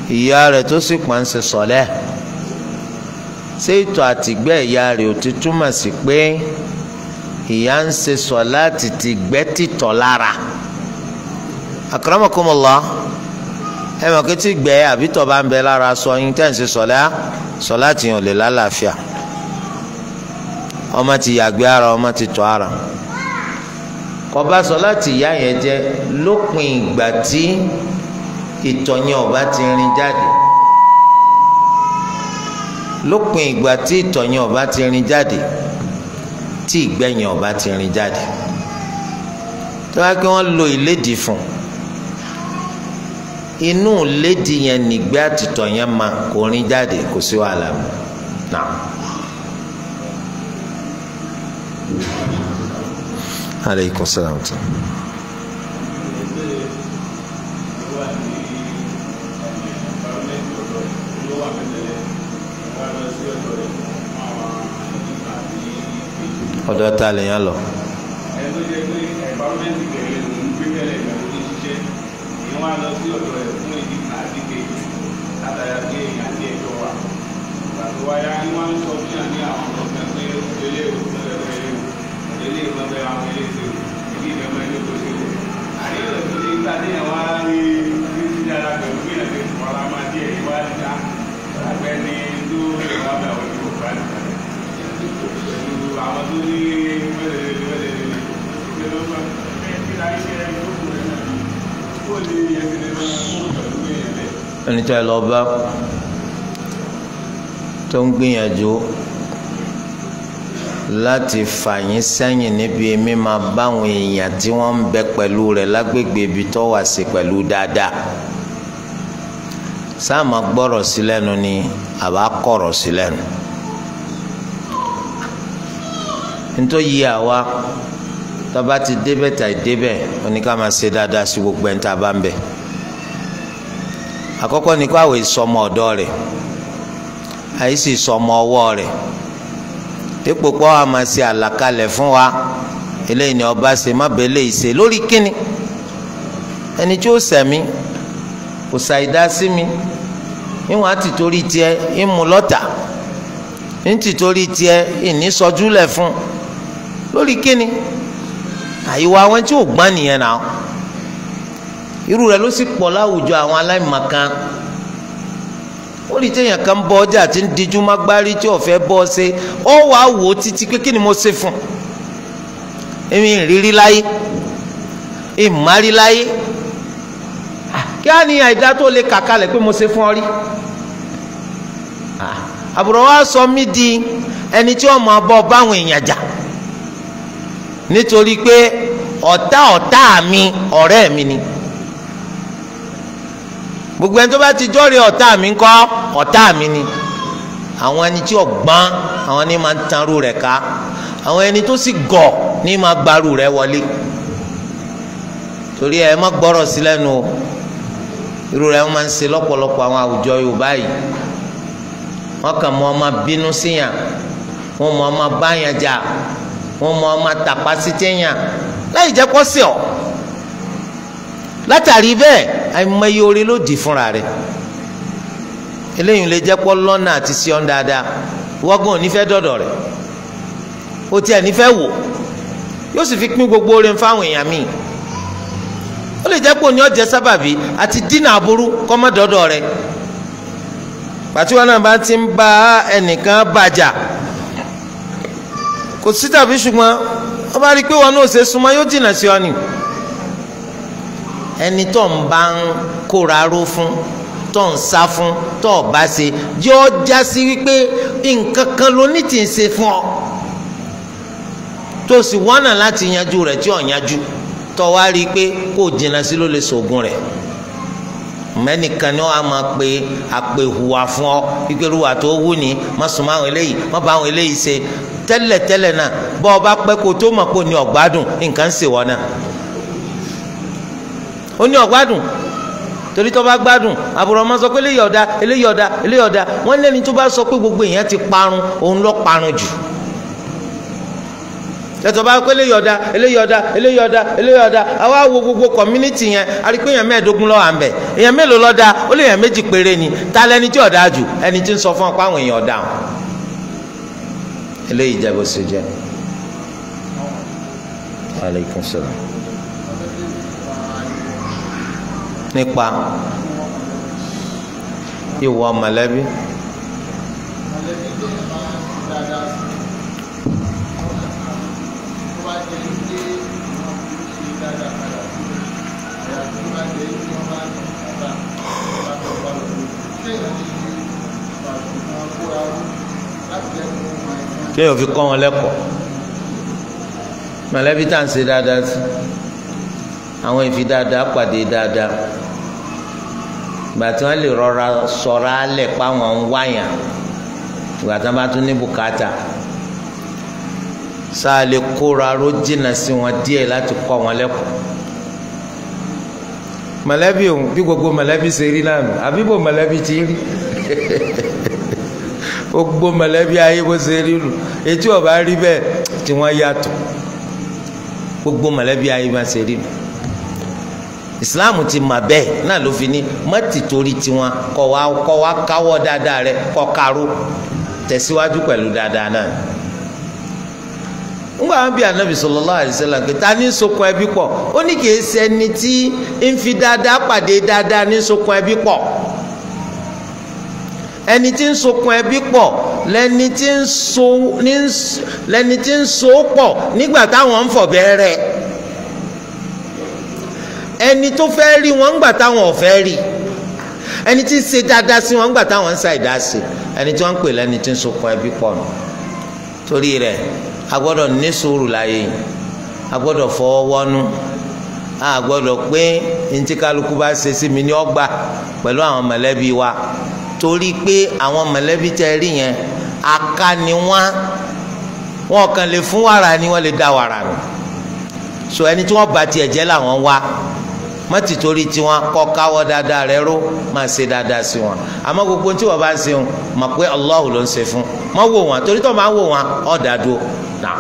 ìyá rẹ̀ tó sì pàǹsẹ̀ sọ̀lẹ́. So ṣé ìtọ̀ àtìgbẹ́ ìyá rẹ̀ ò ti túmọ̀ sí pé ìyá ń ṣe sọ láti ti gbẹ́ títọ̀ lára akramakumullah ẹ mọ̀ kí tí gbẹ́ àbí tọ̀ bá ń bẹ lára sọ yín tẹ́ ń ṣe sọ̀lá sọ̀lá ti yàn lè lálàáfíà ọmọ ti yàgbé ara ọmọ ti tọ̀ ara kò sọ láti ìyá yẹn jẹ lópin ìgbà tí ìtọ̀ yẹn ti rin jáde lópin ìgbà tí ìtọ̀ yẹn ọba ti rin jáde tí ìgbẹ́ yẹn ọba ti rin jáde tó bá kí wọ́n lo ìlédìí fún inú ìlédìí yẹn nígbẹ́ àtìtọ̀ yẹn kò rin jáde kò sí wàhálà mu náà. aleykum salaam wa rahmatulah. ọ̀dọ̀ ta lèèyàn lọ. Thank you àwọn tó ní wẹ́lẹ̀ wẹ́lẹ̀ ìgbẹ́ ló máa ń fi láyé ṣe ẹni tó kù rẹ̀ náà kó lè yẹ kí lè lọ bá tó ń gbìyànjú láti fàyín sẹ́yìn níbi èmi máa báwọn èèyàn tí wọ́n ń bẹ pẹ̀lú rẹ̀ lágbègbè ibi tó wà sí pẹ̀lú dáadáa sáà máa gbọ́rọ̀ sí lẹ́nu ni àbá kọ̀rọ̀ sí lẹ́nu. nítorí yìí àwa tọba ti débẹ̀ tà débẹ̀ oníkà máa ṣe dáadáa sí gbogbo ẹni tá a bá ń bẹ̀. àkọ́kọ́ ni kó àwọ̀ ìsọmọ ọ̀dọ́ rẹ̀ àìsí ìsọmọ ọwọ́ rẹ̀ dípò pọ́ a máa ṣe àlàkalẹ̀ fún wa eléyìí ni ọba ṣe má bẹ́ẹ̀ lè ṣe lórí kíni ẹni tí ó sẹ̀mí kò ṣàìdá sí mi níwọ̀n á torí tiẹ̀ ń mu lọ́tà ń ti tiẹ̀ ìní sọjúlẹ̀ fún un lórí kíni àìwá àwọn tí ò gbọ́n nìyẹn náà irú rẹ̀ ló sì pọ̀ láwùjọ àwọn aláìmọ̀kan ó lè téèyàn kan bọ ọjà tí ń dijú má gbárí tí ọ̀fẹ́ bọ́ ṣe ó wàá wò ó títí pé kí ni mo ṣe fún èmi ìrírí láyé ìmárí láyé ah, kí á ní àìdá tó lè kàkalẹ̀ pé mo ṣe fún ọ rí ah, àbùrọ̀ wa sọ mí di ẹni tí ọmọ ọba ọba àwọn èèyàn jà nítorí pé ọ̀tá ọ̀tá mi ọ̀rẹ́ mi ni gbogbo ẹni tó bá ti jọ́rìí ọ̀tá mi ńkọ́ ọ̀tá mi ni àwọn ẹni tí ọ̀gbọ́n àwọn ni máa ń tanrú rẹ̀ ká àwọn ẹni tó sì gọ̀ ni máa gbarú rẹ̀ wọlé torí ẹ má gbọ́rọ̀ sí lẹ́nu o irú rẹ̀ wọ́n máa ń ṣe lọ́pọ̀lọpọ̀ àwọn àwùjọ Yorùbá yìí wọ́n kàn mọ́ ọmọ bínú síyàn wọ́n mọ́ ọmọ báyàn jà wọn mọ ọmọ tàpá sí téèyàn láì jẹ́ kó sí ọ látàrí bẹ́ẹ̀ àìmọye orí ló dì fúnra rẹ̀ eléyìí lè jẹ́ kó lọ́nà àti sí ọ́n dáadáa wọ́gùn onífẹ́ dọ̀dọ̀ rẹ̀ o tiẹ̀ nífẹ́ wò yóò sì fi pín gbogbo orin fáwọn èèyàn míì ó lè jẹ́ pé òní ọ̀jẹ̀ sábàbí àti dínà aburú kọ́ mọ́ dọ̀dọ̀ rẹ̀ pàtí náà bá ti ń bá ẹnìkan bàjà kò sí tàbí ṣùgbọ́n wọ́n bá rí i pé wọn náà ṣe súnmọ́ yóò jìnnà sí ọ ni ẹni tó ń bá ń kóra ró fún tó ń sá fún tó ń bá ṣe yọ já sí wípé nǹkan kan ló ní tì ń ṣe fún ọ tó sì wọ́nà láti yanjú rẹ̀ tí ò yanjú tó wá rí i pé kò jìnnà sí ló lè ṣògùn rẹ̀ mẹ́nìkan ni wọ́n á máa pe àpèhùwà fún ọ ìpèrúwà tó wù ní má sùn máa wọn eléyìí má bá wọn eléyìí ṣe tẹ́lẹ̀ tẹ́lẹ̀ náà bọ́ ọ bá pẹ́ kó tó mọ̀ pé ní ọ̀gbádùn nǹkan ń ṣèwọ́ náà ó ní ọ̀gbádùn torí tó bá gbádùn àbúrò ọmọ sọ pé eléyìí ọ̀dà eléyìí ọ̀dà eléyìí ọ̀dà wọ́n lẹ́ni tó bá sọ pé gbogbo èèyàn ti parun òun ló parun jù tẹ̀tọ̀ bá kó eléyìí ọ̀dà eléyìí ọ̀dà eléyìí ọ̀dà eléyìí ọ̀dà àwa wo gbogbo community yẹn arikó èèyàn mẹ́ẹ̀ẹ́dógún lọ́wọ́ à ń bẹ̀ èèyàn mélòó lọ́dà ó lè èèyàn méjì péré ni ta lẹni tí ọ̀dà jù ẹni tí ń sọ fún ọ̀pọ̀ àwọn èèyàn ọ̀dà hàn eléyìí jẹ́ bó ṣe jẹ́ aleykum salaam nípa ìwọ mọ̀lẹ́bí. mọ̀lẹ́bí ló máa ń dáadáa sí i. kéèyàn fi kọ́ wọn lẹ́kọ̀ọ́ mọ̀lẹ́bí tá à ń ṣe dáadáa sí àwọn ìfi dáadáa pàdé dáadáa ìgbà tí wọ́n lè rọra sọ̀rọ̀ alẹ̀ pa wọn ń wáyà ìgbà tí wọ́n bá tún ní bùkátà sáà lè kóra ró jìnnà sí wọn díẹ̀ láti kọ́ wọn lẹ́kọ̀ọ́ mọ̀lẹ́bí òun bí gbogbo mọ̀lẹ́bí ṣe rí náà nù àbí bò mọ̀lẹ́bí ti rí gbogbo mọ̀lẹ́bí ayé bó ṣe rí nù etí ọba rí bẹ́ẹ̀ tí wọ́n yàtọ̀ gbogbo mọ̀lẹ́bí ayé bá ṣe rí nù islam ti mà bẹ́ẹ̀ náà ló fi ní mọ́tì torí tiwọn kọ́ wa kọ́ wa káwọ́ dáadáa rẹ kọ́ karú tẹ̀síwájú pẹ̀lú dáadáa náà ngba wọn bí anabi sallallahu alaihi wasallam pé ta ní sokun ẹbí pọ̀ ó ní kìí ṣe ẹni tí ń fi dáadáa pàdé dáadáa ní sokun ẹbí pọ̀ ẹni tí ń sokun ẹbí pọ̀ lẹni tí ń so ní lẹni tí ń so pọ̀ nígbà táwọn ń fọ̀bẹ rẹ̀ ẹni tó fẹ́ rí wọn ńgbà táwọn ò fẹ́ rí ẹni tí ń ṣe dáadáa sí wọn ńgbà táwọn ń ṣàìdá sí ẹni tí wọ́n ń pè lẹni tí ń sokun ẹbí pọ̀ nù torí rẹ̀ a nisuru ní sùúrù láàyè yìí a gbọ́dọ̀ fọwọ́ wọ́nú a gbọ́dọ̀ pé ntí kálukú bá ṣe sí mi ní ọgbà pẹ̀lú àwọn mọ̀lẹ́bí wa torí pé àwọn mọ̀lẹ́bí tẹ rí yẹn aka ni wọ́n wọn kàn lè fún wàrà ni wọ́n lè dá wàrà nù so ẹni tí wọ́n bá tiẹ̀ jẹ́ làwọn wá má ti torí tiwọn kọ́ káwọ́ dáadáa rẹ ró máa ṣe dáadáa sí wọn àmọ́ gbogbo tí wọ́n bá ń ṣe wọn mọ̀ pé Allah ló ń ṣe fún má wò wọn torí tó máa wò wọn ọ̀ dàdúró nà.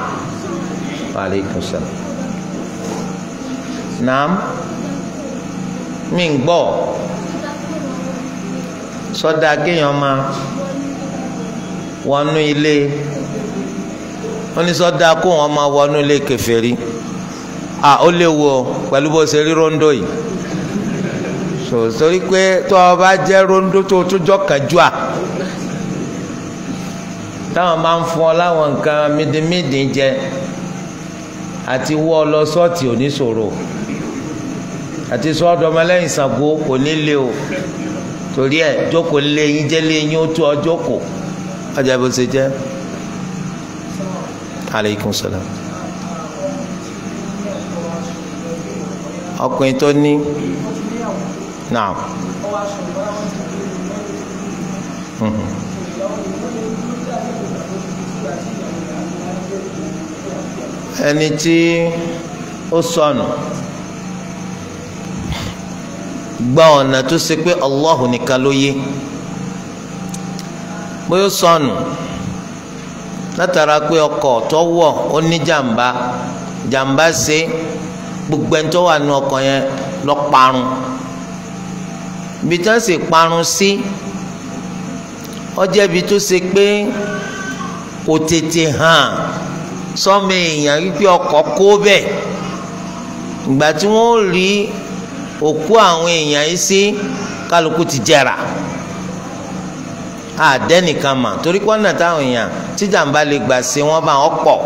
aleykum salaam. naam mi ń gbọ́ sọ́dà kéèyàn máa wọnú ilé wọ́n ní sọ́dà kó wọn máa wọnú ilé kèfèrí. So a ó léwu o pẹ̀lú bó ṣe rí rondo yìí sòsòrí pé tó o bá jẹ́ rondo tó o tún jọ kàjú à táwọn máa ń fún ọ láwọn nǹkan mídìmídìí jẹ àti wọ́ ọ lọ sọ́ọ̀tì ò ní ṣòro àti sọ́ọ̀dọ̀ ọmọlẹ́yìn Ṣàngó kò ní lé o torí ẹ̀ jókòó lé yín jẹ́ lé yín ó tó ọ jókòó ọjà bó ṣe jẹ́. aleykum salaam. ọkùnrin tó ní náà. Mhm. ẹni gba ọ̀nà tó ṣe pé nìkan ló yé pé ó sọnù látara pé ọkọ̀ tó gbogbo ẹni tó wà nínú ọkọ̀ yẹn lọ parun ibi tí wọ́n sì parun sí ọjọ́ ibi tó ṣe pé kò tètè hàn sọ́mi èèyàn wípé ọkọ̀ kó bẹ́ẹ̀ ìgbà tí wọ́n rí òkú àwọn èèyàn yìí sí kálukú ti jẹrà àdẹ́nìkan mà torí pọ́nà táwọn èèyàn tíjàmbá lè gbà ṣe wọ́n bá wọn pọ̀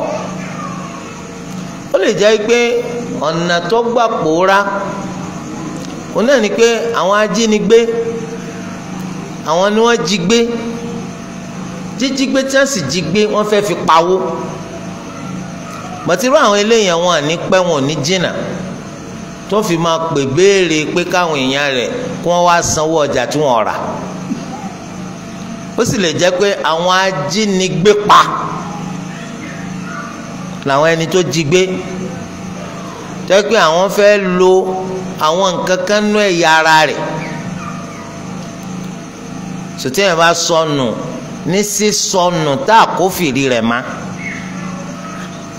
ó lè jẹ́ pé ọ̀nà tó gbà pòórá òun náà ni pé àwọn ajínigbé àwọn ni wọ́n jí gbé jíjí gbé tí wọ́n sì jí gbé wọ́n fẹ́ fi pawó bàtírú àwọn eléyìí àwọn àní pẹ́ wọn ò ní jìnnà tó fi máa pè béèrè pé káwọn èèyàn rẹ̀ kí wọ́n wá sanwó ọjà tí wọ́n rà ó sì lè jẹ́ pé àwọn ajínigbé pa làwọn ẹni tó jí gbé jẹ́ pé àwọn fẹ́ lo àwọn nǹkan kan nú ẹ̀yà ara rẹ̀ sòtẹ́yìn bá sọnù ní sísọnù tá a kó fìrí rẹ̀ má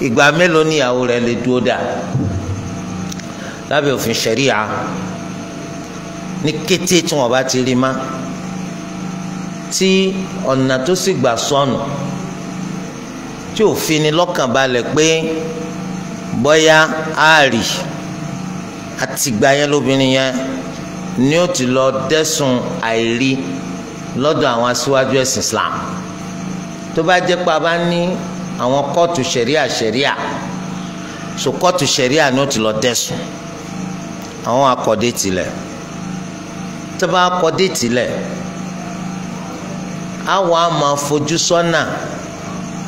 ìgbà mélòó níyàwó rẹ̀ lè dúró dà lábẹ́ òfin ṣẹ̀ríà ní kété tí wọ́n bá ti rí má tí ọ̀nà tó sì gbà sọnù tí òfin ni lọ́kàn balẹ̀ pé bọ́yá àárì àtìgbà yẹn lóbìnrin yẹn ni ó ti lọ dẹ́sùn àìrí lọ́dọ̀ àwọn aṣíwájú ẹ̀sìn Islam tó bá jẹ́ pé a bá ní àwọn kóòtù ṣẹ̀ríà ṣẹ̀ríà so kóòtù ṣẹ̀ríà ni ó ti lọ dẹ́sùn àwọn akọ̀dé tilẹ̀ tó bá akọ̀dé tilẹ̀ àwọn a máa fojú sọ́nà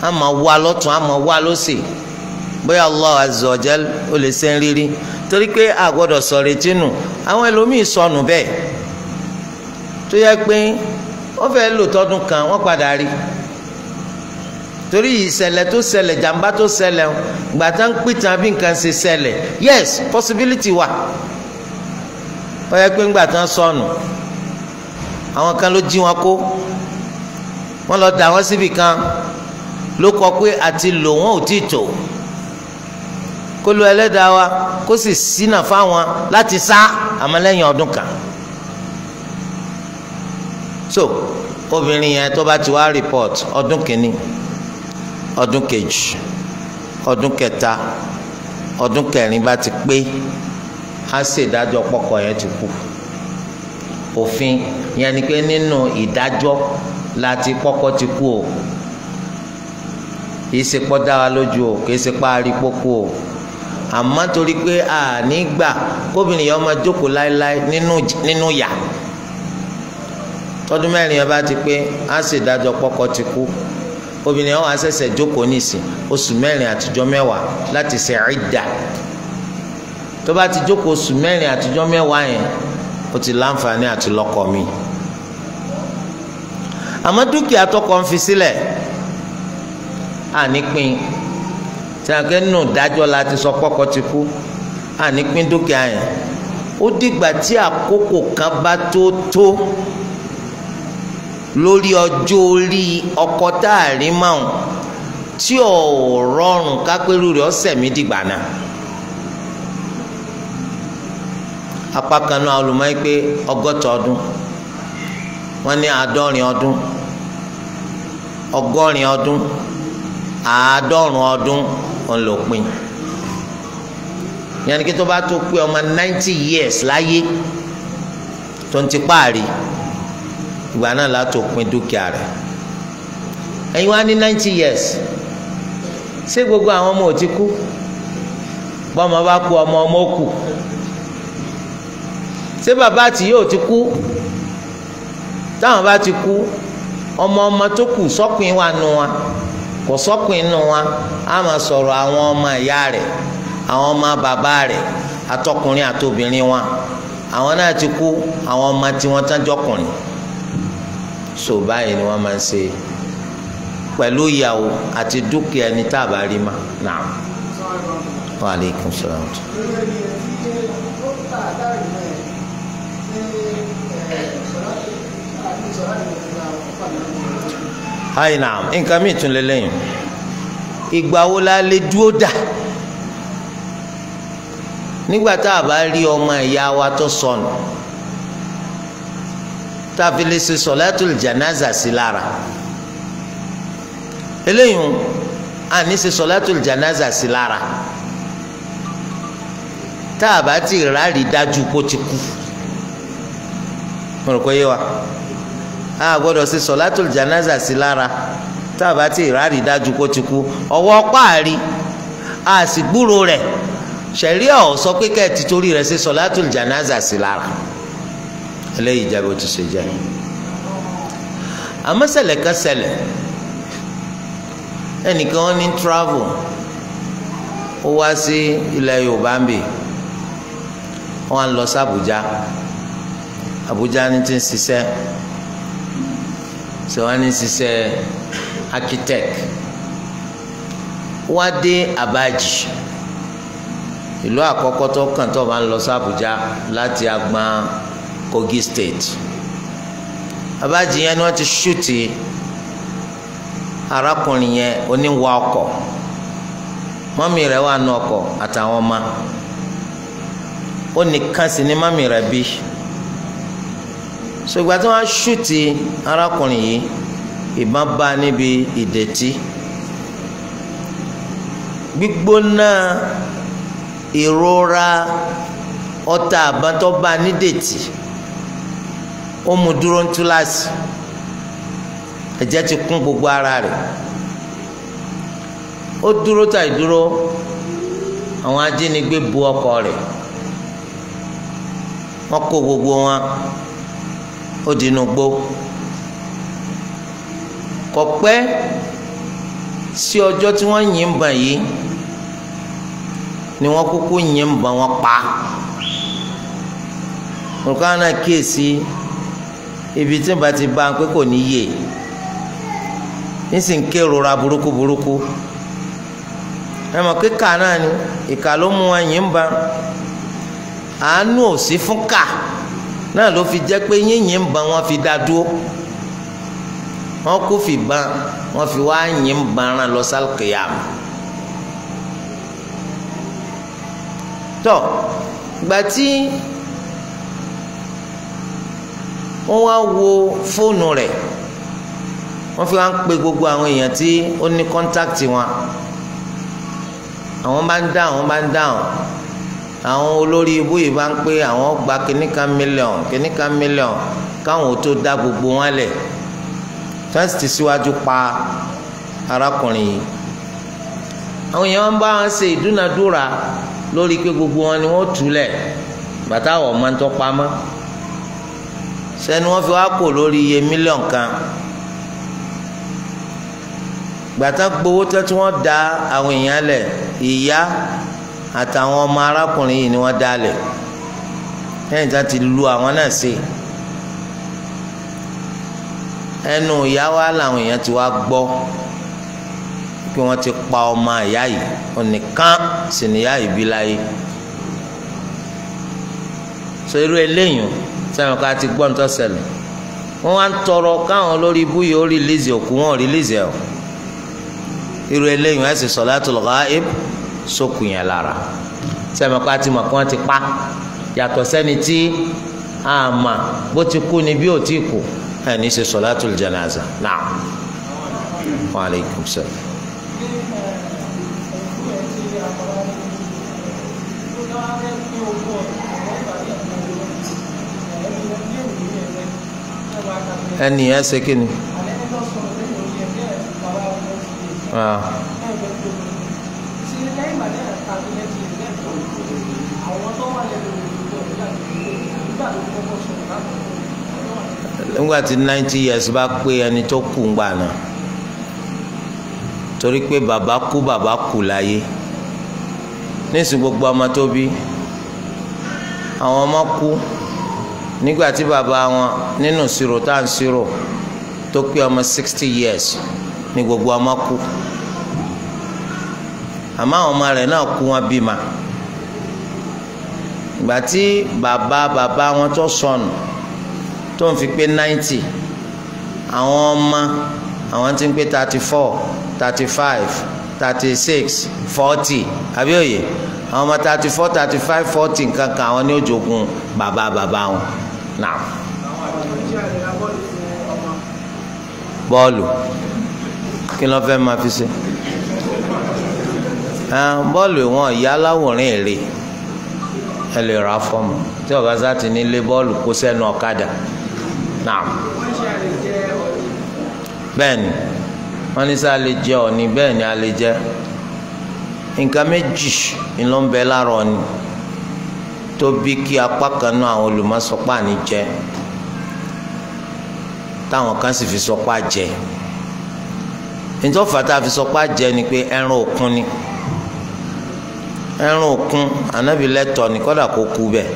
a máa wá lọ́tún a máa wá lọ́sì bóyá Allah azza wa jal ó lè ṣe ń rírí torí pé a gbọ́dọ̀ sọ retí nù àwọn ẹlòmíì sọnù bẹ́ẹ̀ tó yẹ pé wọ́n fẹ́ẹ́ lò tọdún kan wọ́n padà rí torí ìṣẹ̀lẹ̀ tó ṣẹlẹ̀ jàǹbá tó ṣẹlẹ̀ gbàtà ń pìtàn bí nǹkan ṣe ṣẹlẹ̀ yes possibility wà ó yẹ pé ńgbà tán sọnù àwọn kan ló jí wọn kó wọ́n lọ dà wọ́n síbì kan ló kọ pé àti lò wọn ò tí ì tò kó lu ẹlẹ́dàá wa kó sì ṣínà fáwọn láti sá àmọ́ ọdún kan so obìnrin yẹn tó bá ti wá report ọdún kìíní ọdún kejì ọdún kẹta ọdún kẹrin bá ti pé á ṣèdájọ́ pọkọ yẹn ti kú òfin yẹn ni pé nínú ìdájọ́ láti pọkọ ti kú o kì í ṣe pọ́ dá lójú o kì í ṣe pa àrípò kú o àmọ́ torí pé àní gbà kóbìnrin yẹn máa jókòó láéláé nínú yà tọdún mẹ́rin yẹn bá ti pé á sì dájọ́ pọ́kọ ti kú obìnrin yẹn wà á ṣẹ̀ṣẹ̀ jókòó nísìn oṣù mẹ́rin àtijọ́ mẹ́wàá láti ṣe ìdà tó bá ti jókòó oṣù mẹ́rin àtijọ́ mẹ́wàá yẹn ó ti láǹfààní àti lọ́kọ mi àmọ́ dúkìá tọkọ ń fi sílẹ̀ ànípin. Si sàkẹ́ nù dájọ́ la ti sọ pọ́kọ ti kú àní pín dúkìá yẹn ó dìgbà tí àkókò kan bá tó tó lórí ọjọ́ orí ọkọ tá a rí máa tí ò rọrùn kápẹ́rù rẹ̀ ọ̀sẹ̀ mi dìgbà náà. apá kan náà olùmọ̀ọ́ pé ọgọ́ta ọdún wọ́n ní àádọ́rin ọdún ọgọ́rin ọdún àádọ́rùn ọdún wọn lò pin yẹn kí tó bá tó pé ọmọ ninety years láyé tó ń ti páàrí ìgbà náà látò pin dúkìá rẹ ẹ̀yin wá ní ninety years ṣé gbogbo àwọn ọmọ ò ti kú bọ́mọ bá kú ọmọ ọmọ kù ṣé bàbá àti yóò ti kú táwọn bá ti kú ọmọ ọmọ tó kù sọ́kùn wa nù wa kò sọ́kùn inú wa á máa sọ̀rọ̀ àwọn ọmọ ìyá rẹ̀ àwọn ọmọ bàbá rẹ̀ àtọkùnrin àtobìnrin wa àwọn náà ti kú àwọn ọmọ tí wọ́n tán jọkùnrin so báyìí ni wọ́n máa ń ṣe pẹ̀lú ìyàwó àti dúkìá ẹni tá a bá rí ma naam wa aleykum salaam. àyìnà nǹkan mi tún lélẹ́yìn ìgbà wo la lè dúró dà nígbà tá a bá rí ọmọ ìyá wa tó sọnù tá a fi lè ṣe sọ̀látùl jànáza sí lára eléyìí à ní ṣe sọ̀látùl jànáza sí lára tá a bá ti rárí dájú kó ti kú mo rò pé yé wa a gbọ́dọ̀ ṣe sọ̀látùl janaza sí lára tá a bá ti ìrárí dájú kó ti kú ọwọ́ páàrí a sì gbúrò rẹ̀ ṣẹ̀ríà ò sọ pé kẹ́ẹ̀tì torí rẹ̀ ṣe sọ̀látùl janaza sí lára eléyìí jẹ́ bó ti ṣe jẹ́ àmọ́sẹ̀lẹ̀ kan ẹnìkan wọn ní travel ó wá sí ilẹ̀ Yorùbá ń bì wọn lọ sí Àbújá Àbújá ní ti ń ṣiṣẹ́ ṣe wá ní ṣiṣẹ́ architect wá dé Abaji ìlú àkọ́kọ́ tó kàn tó máa ń lọ sí Àbújá láti agbọn Kogi State Abaji yẹn ni wọ́n ti ṣùtì arákùnrin yẹn oníwà ọkọ̀ mọ́mì rẹ̀ wà nù ọkọ̀ àtàwọn ọmọ ó nìkan sì ni mọ́mì rẹ̀ bí so ìgbà tí wọ́n ṣùtì arákùnrin yìí ìbọn bá níbi ìdẹ̀tí gbígbóná ìrora ọta àbátọ́ bá nídẹ̀tí ó mú dúró ń túláàsì ẹ̀jẹ̀ ti kún gbogbo ara rẹ̀ ó dúró tàì dúró àwọn ajínigbé bu ọkọ rẹ̀ wọ́n kó gbogbo wọn ó di inú gbó kò pẹ́ sí ọjọ́ tí wọ́n yìn bàn yìí ni wọ́n kúkú yìn bàn wọ́n pa nǹkan náà kíyèsí ibi tí n ti bá pé kò ní yè ń kérora burúkú burúkú ẹ mọ̀ kíkà náà ni ìkà ló mú wọn yìn bàn àánú ò sí fún kà náà ló fi jẹ́ pé yínyìn ba wọ́n fi dá dúró wọ́n kó fi ba wọ́n fi wá yìn ba ran lọ sálùkìyàm tọ́ gbàtí wọ́n wá wo fóònù rẹ̀ wọ́n fi wá ń pe gbogbo àwọn èèyàn tí ó ní kọ́ńtáàkì wọn àwọn bá ń dáhùn bá ń dáhùn àwọn olórí ibú yìí bá ń pé àwọn gba kìnnìkan mílíọ̀n kìnnìkan mílíọ̀n káwọn ò tó dá gbogbo wọn lẹ̀ fẹ́ǹsì síwájú pa arákùnrin yìí àwọn èèyàn wọn bá wọn ṣe ìdúnadúrà lórí pé gbogbo wọn ni wọn túlẹ̀ bàtà wọn máa ń tọ́ pamọ́ sẹ́ni wọ́n fi wá kò lórí iye mílíọ̀n kan gbàtà gbowó tẹ́tí wọ́n da àwọn èèyàn lẹ̀ ìyá àtàwọn ọmọ arákùnrin yìí ni wọ́n dálẹ̀ lẹ́yìn tá ti lu àwọn náà sí ẹnu ìyá wa làwọn èèyàn ti wá gbọ́ pé wọ́n ti pa ọmọ ìyá yìí onìkan sì níyà yìí bí láyé so irú eléyìí sẹ́wọ̀n ká ti gbọ́ ní tọ́sẹ̀lẹ̀ wọ́n wá ń tọrọ káwọn olórí ibú yìí ó rìlíìsì òkú wọn ò rìlíìsì ẹ̀ o irú eléyìí ẹ̀ sì sọ̀látul ghaib sókun yẹn lára sẹ́mi pa ti mọ̀ kí wọ́n ti pa yàtọ̀ sẹ́ni tí a mà bó ti kú ni bí ò ti kú ẹ̀ ní ṣe solatul janaza náà wa alaikum salaam. ẹnì yẹn kí ni. nígbà tí ninety years bá pé ẹni tó kù ń gbà náà torí pé bàbá kú bàbá kù láyé nísìnyí gbogbo ọmọ tó bí àwọn ọmọ kú nígbà tí bàbá wọn nínú ṣírò tá à ń ṣírò tó pé ọmọ sixty years ni gbogbo ọmọ kú àmọ́ àwọn ọmọ rẹ̀ náà kú wọn bímọ ìgbà tí bàbá bàbá wọn tó sọnù tó ń fi pé ninety àwọn ọmọ àwọn tí ń pé thirty four thirty five thirty six forty àbí òye àwọn ọmọ thirty four thirty five forty nǹkan kan àwọn ní òjòkun bàbá bàbá wọn náà bọ́ọ̀lù kí ló fẹ́ máa fi ṣe bọ́ọ̀lù wọn ìyá aláwòrán èrè. ẹ lè ra fọ́ọ̀mù tí ọkazati sáti ní lé bọ́ọ̀lù kó sẹ́nu ọ̀kadà náà bẹ́ẹ̀ni wọ́n ní sá lè jẹ ọ̀ni bẹẹni a lè jẹ nǹkan méjì ńlọ ń bẹ lára ọ̀ni tó bí kí apá kan náà àwọn olùmọ̀sọ́pá ní jẹ táwọn kan sì fi sọpá jẹ fàtà fi sọpá jẹ ni pé ẹran òkun ni. ẹran òkun ànábì lẹ́tọ̀ ni kọ́dà kó kú bẹ́ẹ̀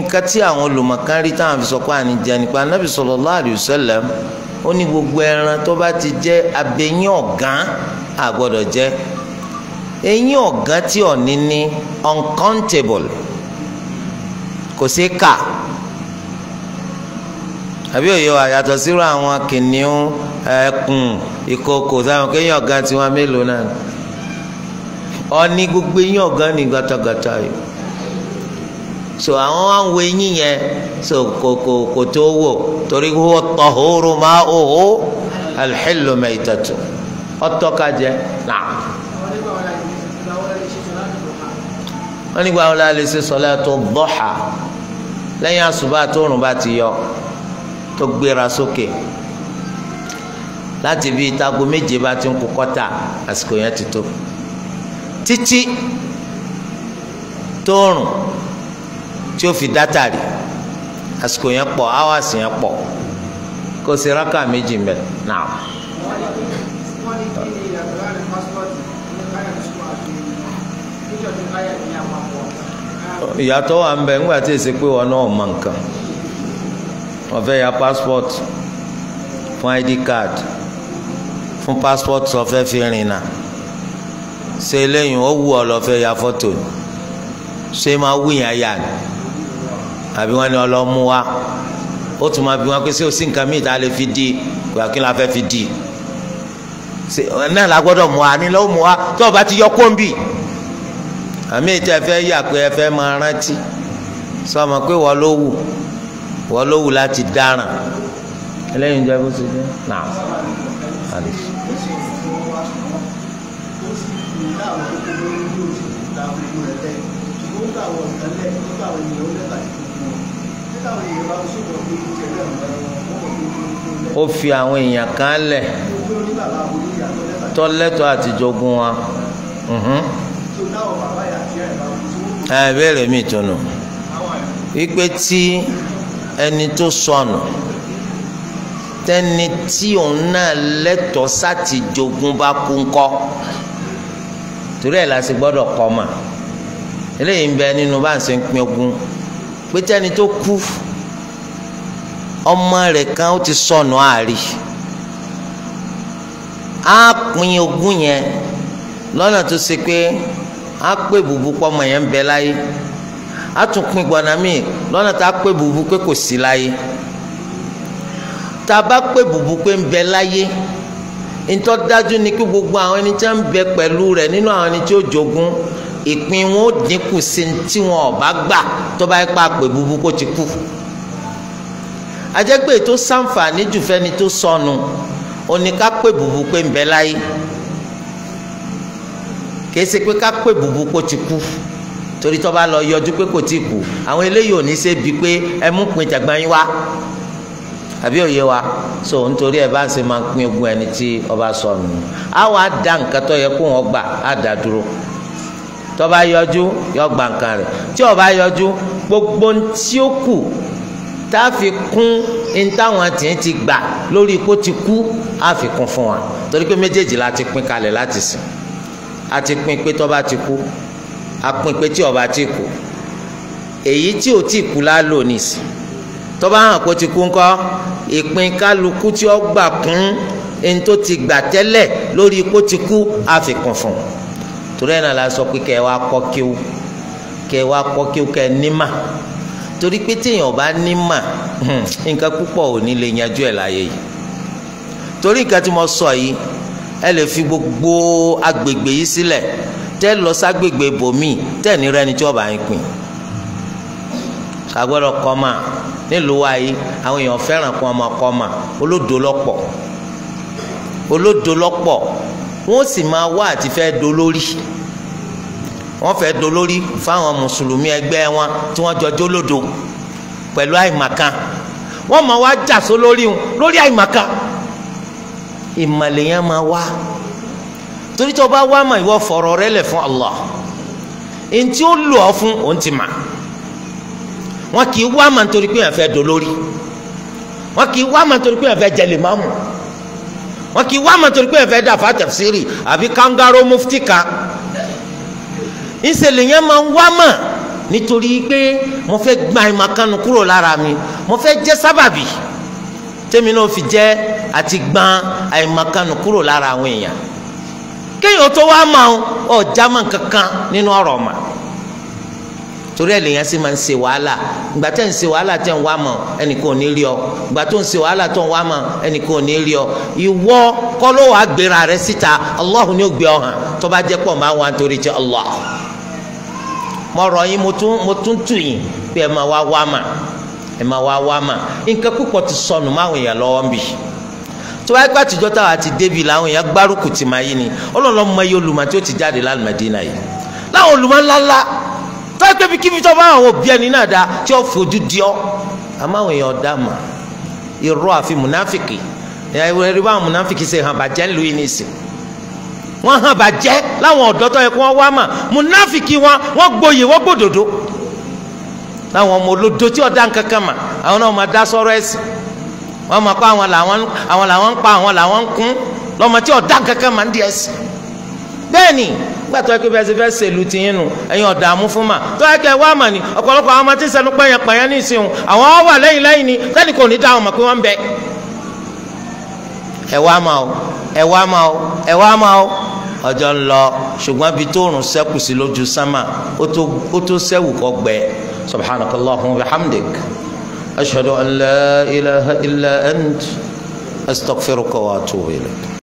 nǹkan tí àwọn olùmọ̀kan rí táwọn fi sọ pé àní jẹ nípa ànábì sallallahu alaihi wasallam ó ní gbogbo ẹran tó bá ti jẹ́ abẹ́yín ọ̀gán àgbọ́dọ̀ jẹ́ eyín ọ̀gán tí ọ̀ní ní uncountable kò sí kà àbí òye wa yàtọ̀ sírò àwọn kìnìún ẹkùn ìkòkò táwọn kéyìn ọ̀gán tiwọn mélòó náà ọní gbogbo eyín ọ̀gá ni gàtàgàtà yìí so àwọn wá ń wo eyín yẹn so kò kò kò tó wò torí wọ́n tọ̀hóró máa ó ó alḥílù mẹ́tẹ̀tù ọtọ́kajẹ nà. wọ́n nígbà wọn lè ṣe sọlá tó bọ́hà lẹ́yìn àṣùbà tó rùn bá ti yọ tó gbéra sókè láti bí itago méje bá ti ń kú kọ́ta àsìkò yẹn ti tó títí tóorùn tí ó fi dátàrí àsìkò yẹn pọ̀ áwàsì yẹn pọ̀ kó ṣe rákà méjì mbẹ náà. ìyàtọ̀ wà ń bẹ ńgbà tí èsì pé wọn náà mọ nǹkan wọ́n ya passport fún id card fún passport sọ fẹ́ fi rìn náà ṣe lẹ́yìn ó wù ọ lọ fẹ́ ya fọ́tò ni ṣé máa wù yàn yà ni àbí wọn ni ọlọ́mú wa ó tún máa bí wọn pé ṣé o sí nǹkan míì tá a lè fi di kò kí la fẹ́ fi di náà la gbọ́dọ̀ mú wa ní lọ́wọ́ mú wa tó o bá ti yọ kóńbì àmì ìtẹ́ fẹ́ yà pé ẹ fẹ́ máa rántí sọ ma pé wọ́n ló wù wọ́n ló wù láti dáràn ẹlẹ́yin jẹ́ bó ṣe jẹ́ náà. àwọn nǹkan lẹ̀ nípa àwọn èèyàn lẹ́tà tuntun nípa àwọn èèyàn bá ń sọ̀rọ̀ pé ìjẹ́ lẹ́nu ó fi àwọn èèyàn kan lẹ̀ tọ́lẹ́tọ̀ àtijọ́gun wa ìbéèrè mi tunu wípé tí ẹni tó sọnù tẹni tí òun náà lẹ́tọ̀ọ́ sátìjọ́gun bá kú ńkọ́ torí ẹ̀ la sì gbọ́dọ̀ kọ́ mà. eléyìí ń bẹ nínú bá ń ṣe ń pín ogún tó kú ọmọ rẹ kan ó ti sọnù àárí á pín yẹn lọ́nà tó ṣe pé á pè bùbú pọ́mọ yẹn ń bẹ láyé á tún pín míì lọ́nà tá a pè bùbú pé kò sí láyé tá a bá pè bùbú pé ń bẹ láyé ntọ́ dájú ni kí ìpín wọn ó dínkù sí tí wọn ò bá gbà tó bá pa àpè bubu kó ti kú ajẹ́pẹ́ tó sàǹfààní jù fẹ́ni tó sọnù òní ká pè bubu pé ń bẹ láyé kìí ṣe pé ká pè bubu kó ti kú torí tó bá lọ yọjú pé kò tí ì kú àwọn eléyìí ò ní ṣe bíi pé ẹ mú pin tẹ̀gbọ́n yín wá àbí òye wa so nítorí ẹ bá ń ṣe máa ń pín ogún ẹni tí ọba sọnù á da nǹkan tó yẹ kó wọn gbà á dá dúró tó bá yọjú yọ gba nǹkan rẹ̀ tí ó bá yọjú gbogbo tí ó kù tá a fi kún ní táwọn tìǹ ti gbà lórí ipò ti kú á fi kún fún wa torí pé méjèèjì la ti pín kalẹ̀ láti sìn a ti pín pé tó ti kú a pín pé tí ó bá ti kú èyí tí ò tí kú lálò nìsí tó bá hàn kó ti kú ńkọ́ ìpín kálukú tí ó gbà kún ẹni ti gbà tẹ́lẹ̀ lórí ipò ti kú á fi kún fún un torí ẹ̀ náà la sọ pé kẹ́ ẹ wá kọ́ kíw kẹ́ ẹ wá kọ́ kíw kẹ́ ẹ nímà torí pé téèyàn bá nímà nǹkan púpọ̀ ò ní lè yanjú ẹ̀ láyé yìí torí nǹkan tí mo sọ yìí ẹ lè fi gbogbo agbègbè yìí sílẹ̀ tẹ́ lọ ságbègbè bòmíì tẹ́ ní rẹ́ni tí ọba yín pin kagbọ́dọ̀ kọ́mà nílùú wa yìí àwọn èèyàn fẹ́ràn kọ́ kọ́mà olódò lọ́pọ̀ olódò lọ́pọ̀ wọ́n sì máa wá àti fẹ́ dolórí wọ́n fẹ́ dolórí fáwọn mùsùlùmí ẹgbẹ́ wọn tí wọ́n jọ jólódo pẹ̀lú àìmàkan wọ́n máa wá jà só lórí wọn lórí àìmàkan ìmàlẹ̀ yẹn máa wá torí tí o bá wá mà ìwọ fọ̀rọ̀ rẹ lẹ̀ fún Allah ntí ó lò ọ́ fún òun ti mà wọn kì í wá mà nítorí pé èèyàn fẹ́ dolórí wọn kì í wá mà nítorí pé èèyàn fẹ́ jẹ lè má mú wọn kì í wá àmọ́ torí pé ẹ̀fẹ́ dàfà tafsiri àbí kangaro mufti kan ìṣẹ̀lẹ̀ yẹn máa ń wá mọ̀ nítorí pé mo fẹ́ gba ìmọ̀kánu kúrò lára mi mo fẹ́ jẹ́ sábàbí tẹ́mi náà fi jẹ́ àti gban àìmọ̀kánu kúrò lára àwọn èèyàn kéèyàn tó wá mọ̀ ọ́ jámọ̀ kankan nínú ọ̀rọ̀ ọ̀ma. torí ẹ̀ lèyàn sì máa ń ṣe wàhálà ìgbà tẹ́ ń wàhálà tẹ́ ń wá mọ̀ ẹnìkan ò ní rí ọ ìgbà tó ń ṣe wàhálà tó ń wá mọ̀ ẹnìkan ò ní rí ọ ìwọ wàá gbéra rẹ síta ni ó gbé ọ hàn tó bá jẹ́ pọ̀ máa wà nítorí mo yín mo tún tù yín pé ẹ máa wá mà ẹ máa wá mà nǹkan púpọ̀ ti sọnù máwùn èèyàn lọ́wọ́ bì tó wáyé ti débi làwọn èèyàn gbárùkù tọ́pẹ́ bí kíbi tó bá àwọn òbí ẹni náà dá tí ó fojú di ọ́ àmọ́ àwọn èèyàn dá mà irọ́ àfi mùnáfìkì ẹ̀rí bá àwọn mùnáfìkì ṣe hàn bàjẹ́ ńlú yìí nìsín wọ́n hàn bàjẹ́ láwọn ọ̀dọ́ tó yẹ kó wọ́n wá mà mùnáfìkì wọn wọ́n gboyè wọ́n gbòdòdó láwọn ọmọ olódo tí ọ̀dá nkankan mà àwọn náà máa dá sọ́rọ́ ẹ̀sìn wọ́n máa kó àwọn làwọn ń pa àwọn làwọn ń kún lọ́mọ tí ọ̀dá nkankan mà ń di ẹ̀sìn bẹ́ẹ̀ ni nígbà tó yẹ kó bẹ́ẹ̀ ṣe fẹ́ ti yín nu ẹ̀yin ọ̀dààmú fún mà tó yẹ kẹ́ wá mà ní ọ̀pọ̀lọpọ̀ àwọn ọmọ tí sẹnu pẹ̀yàn pẹ̀yàn ní ìsìn àwọn wà lẹ́yìn lẹ́yìn ni sẹ́ni kò ní dá àwọn mọ̀ pé wọ́n ń bẹ. ẹ wá mà o ẹ wá mà o ẹ wá mà o ọjọ́ ń lọ ṣùgbọ́n ibi tó rùn sẹ́kù sí lójú sánmà ó tó sẹ́wù kọ́ gbẹ subhanakallahumma wa bihamdik ashhadu an la ilaha illa ant astaghfiruka wa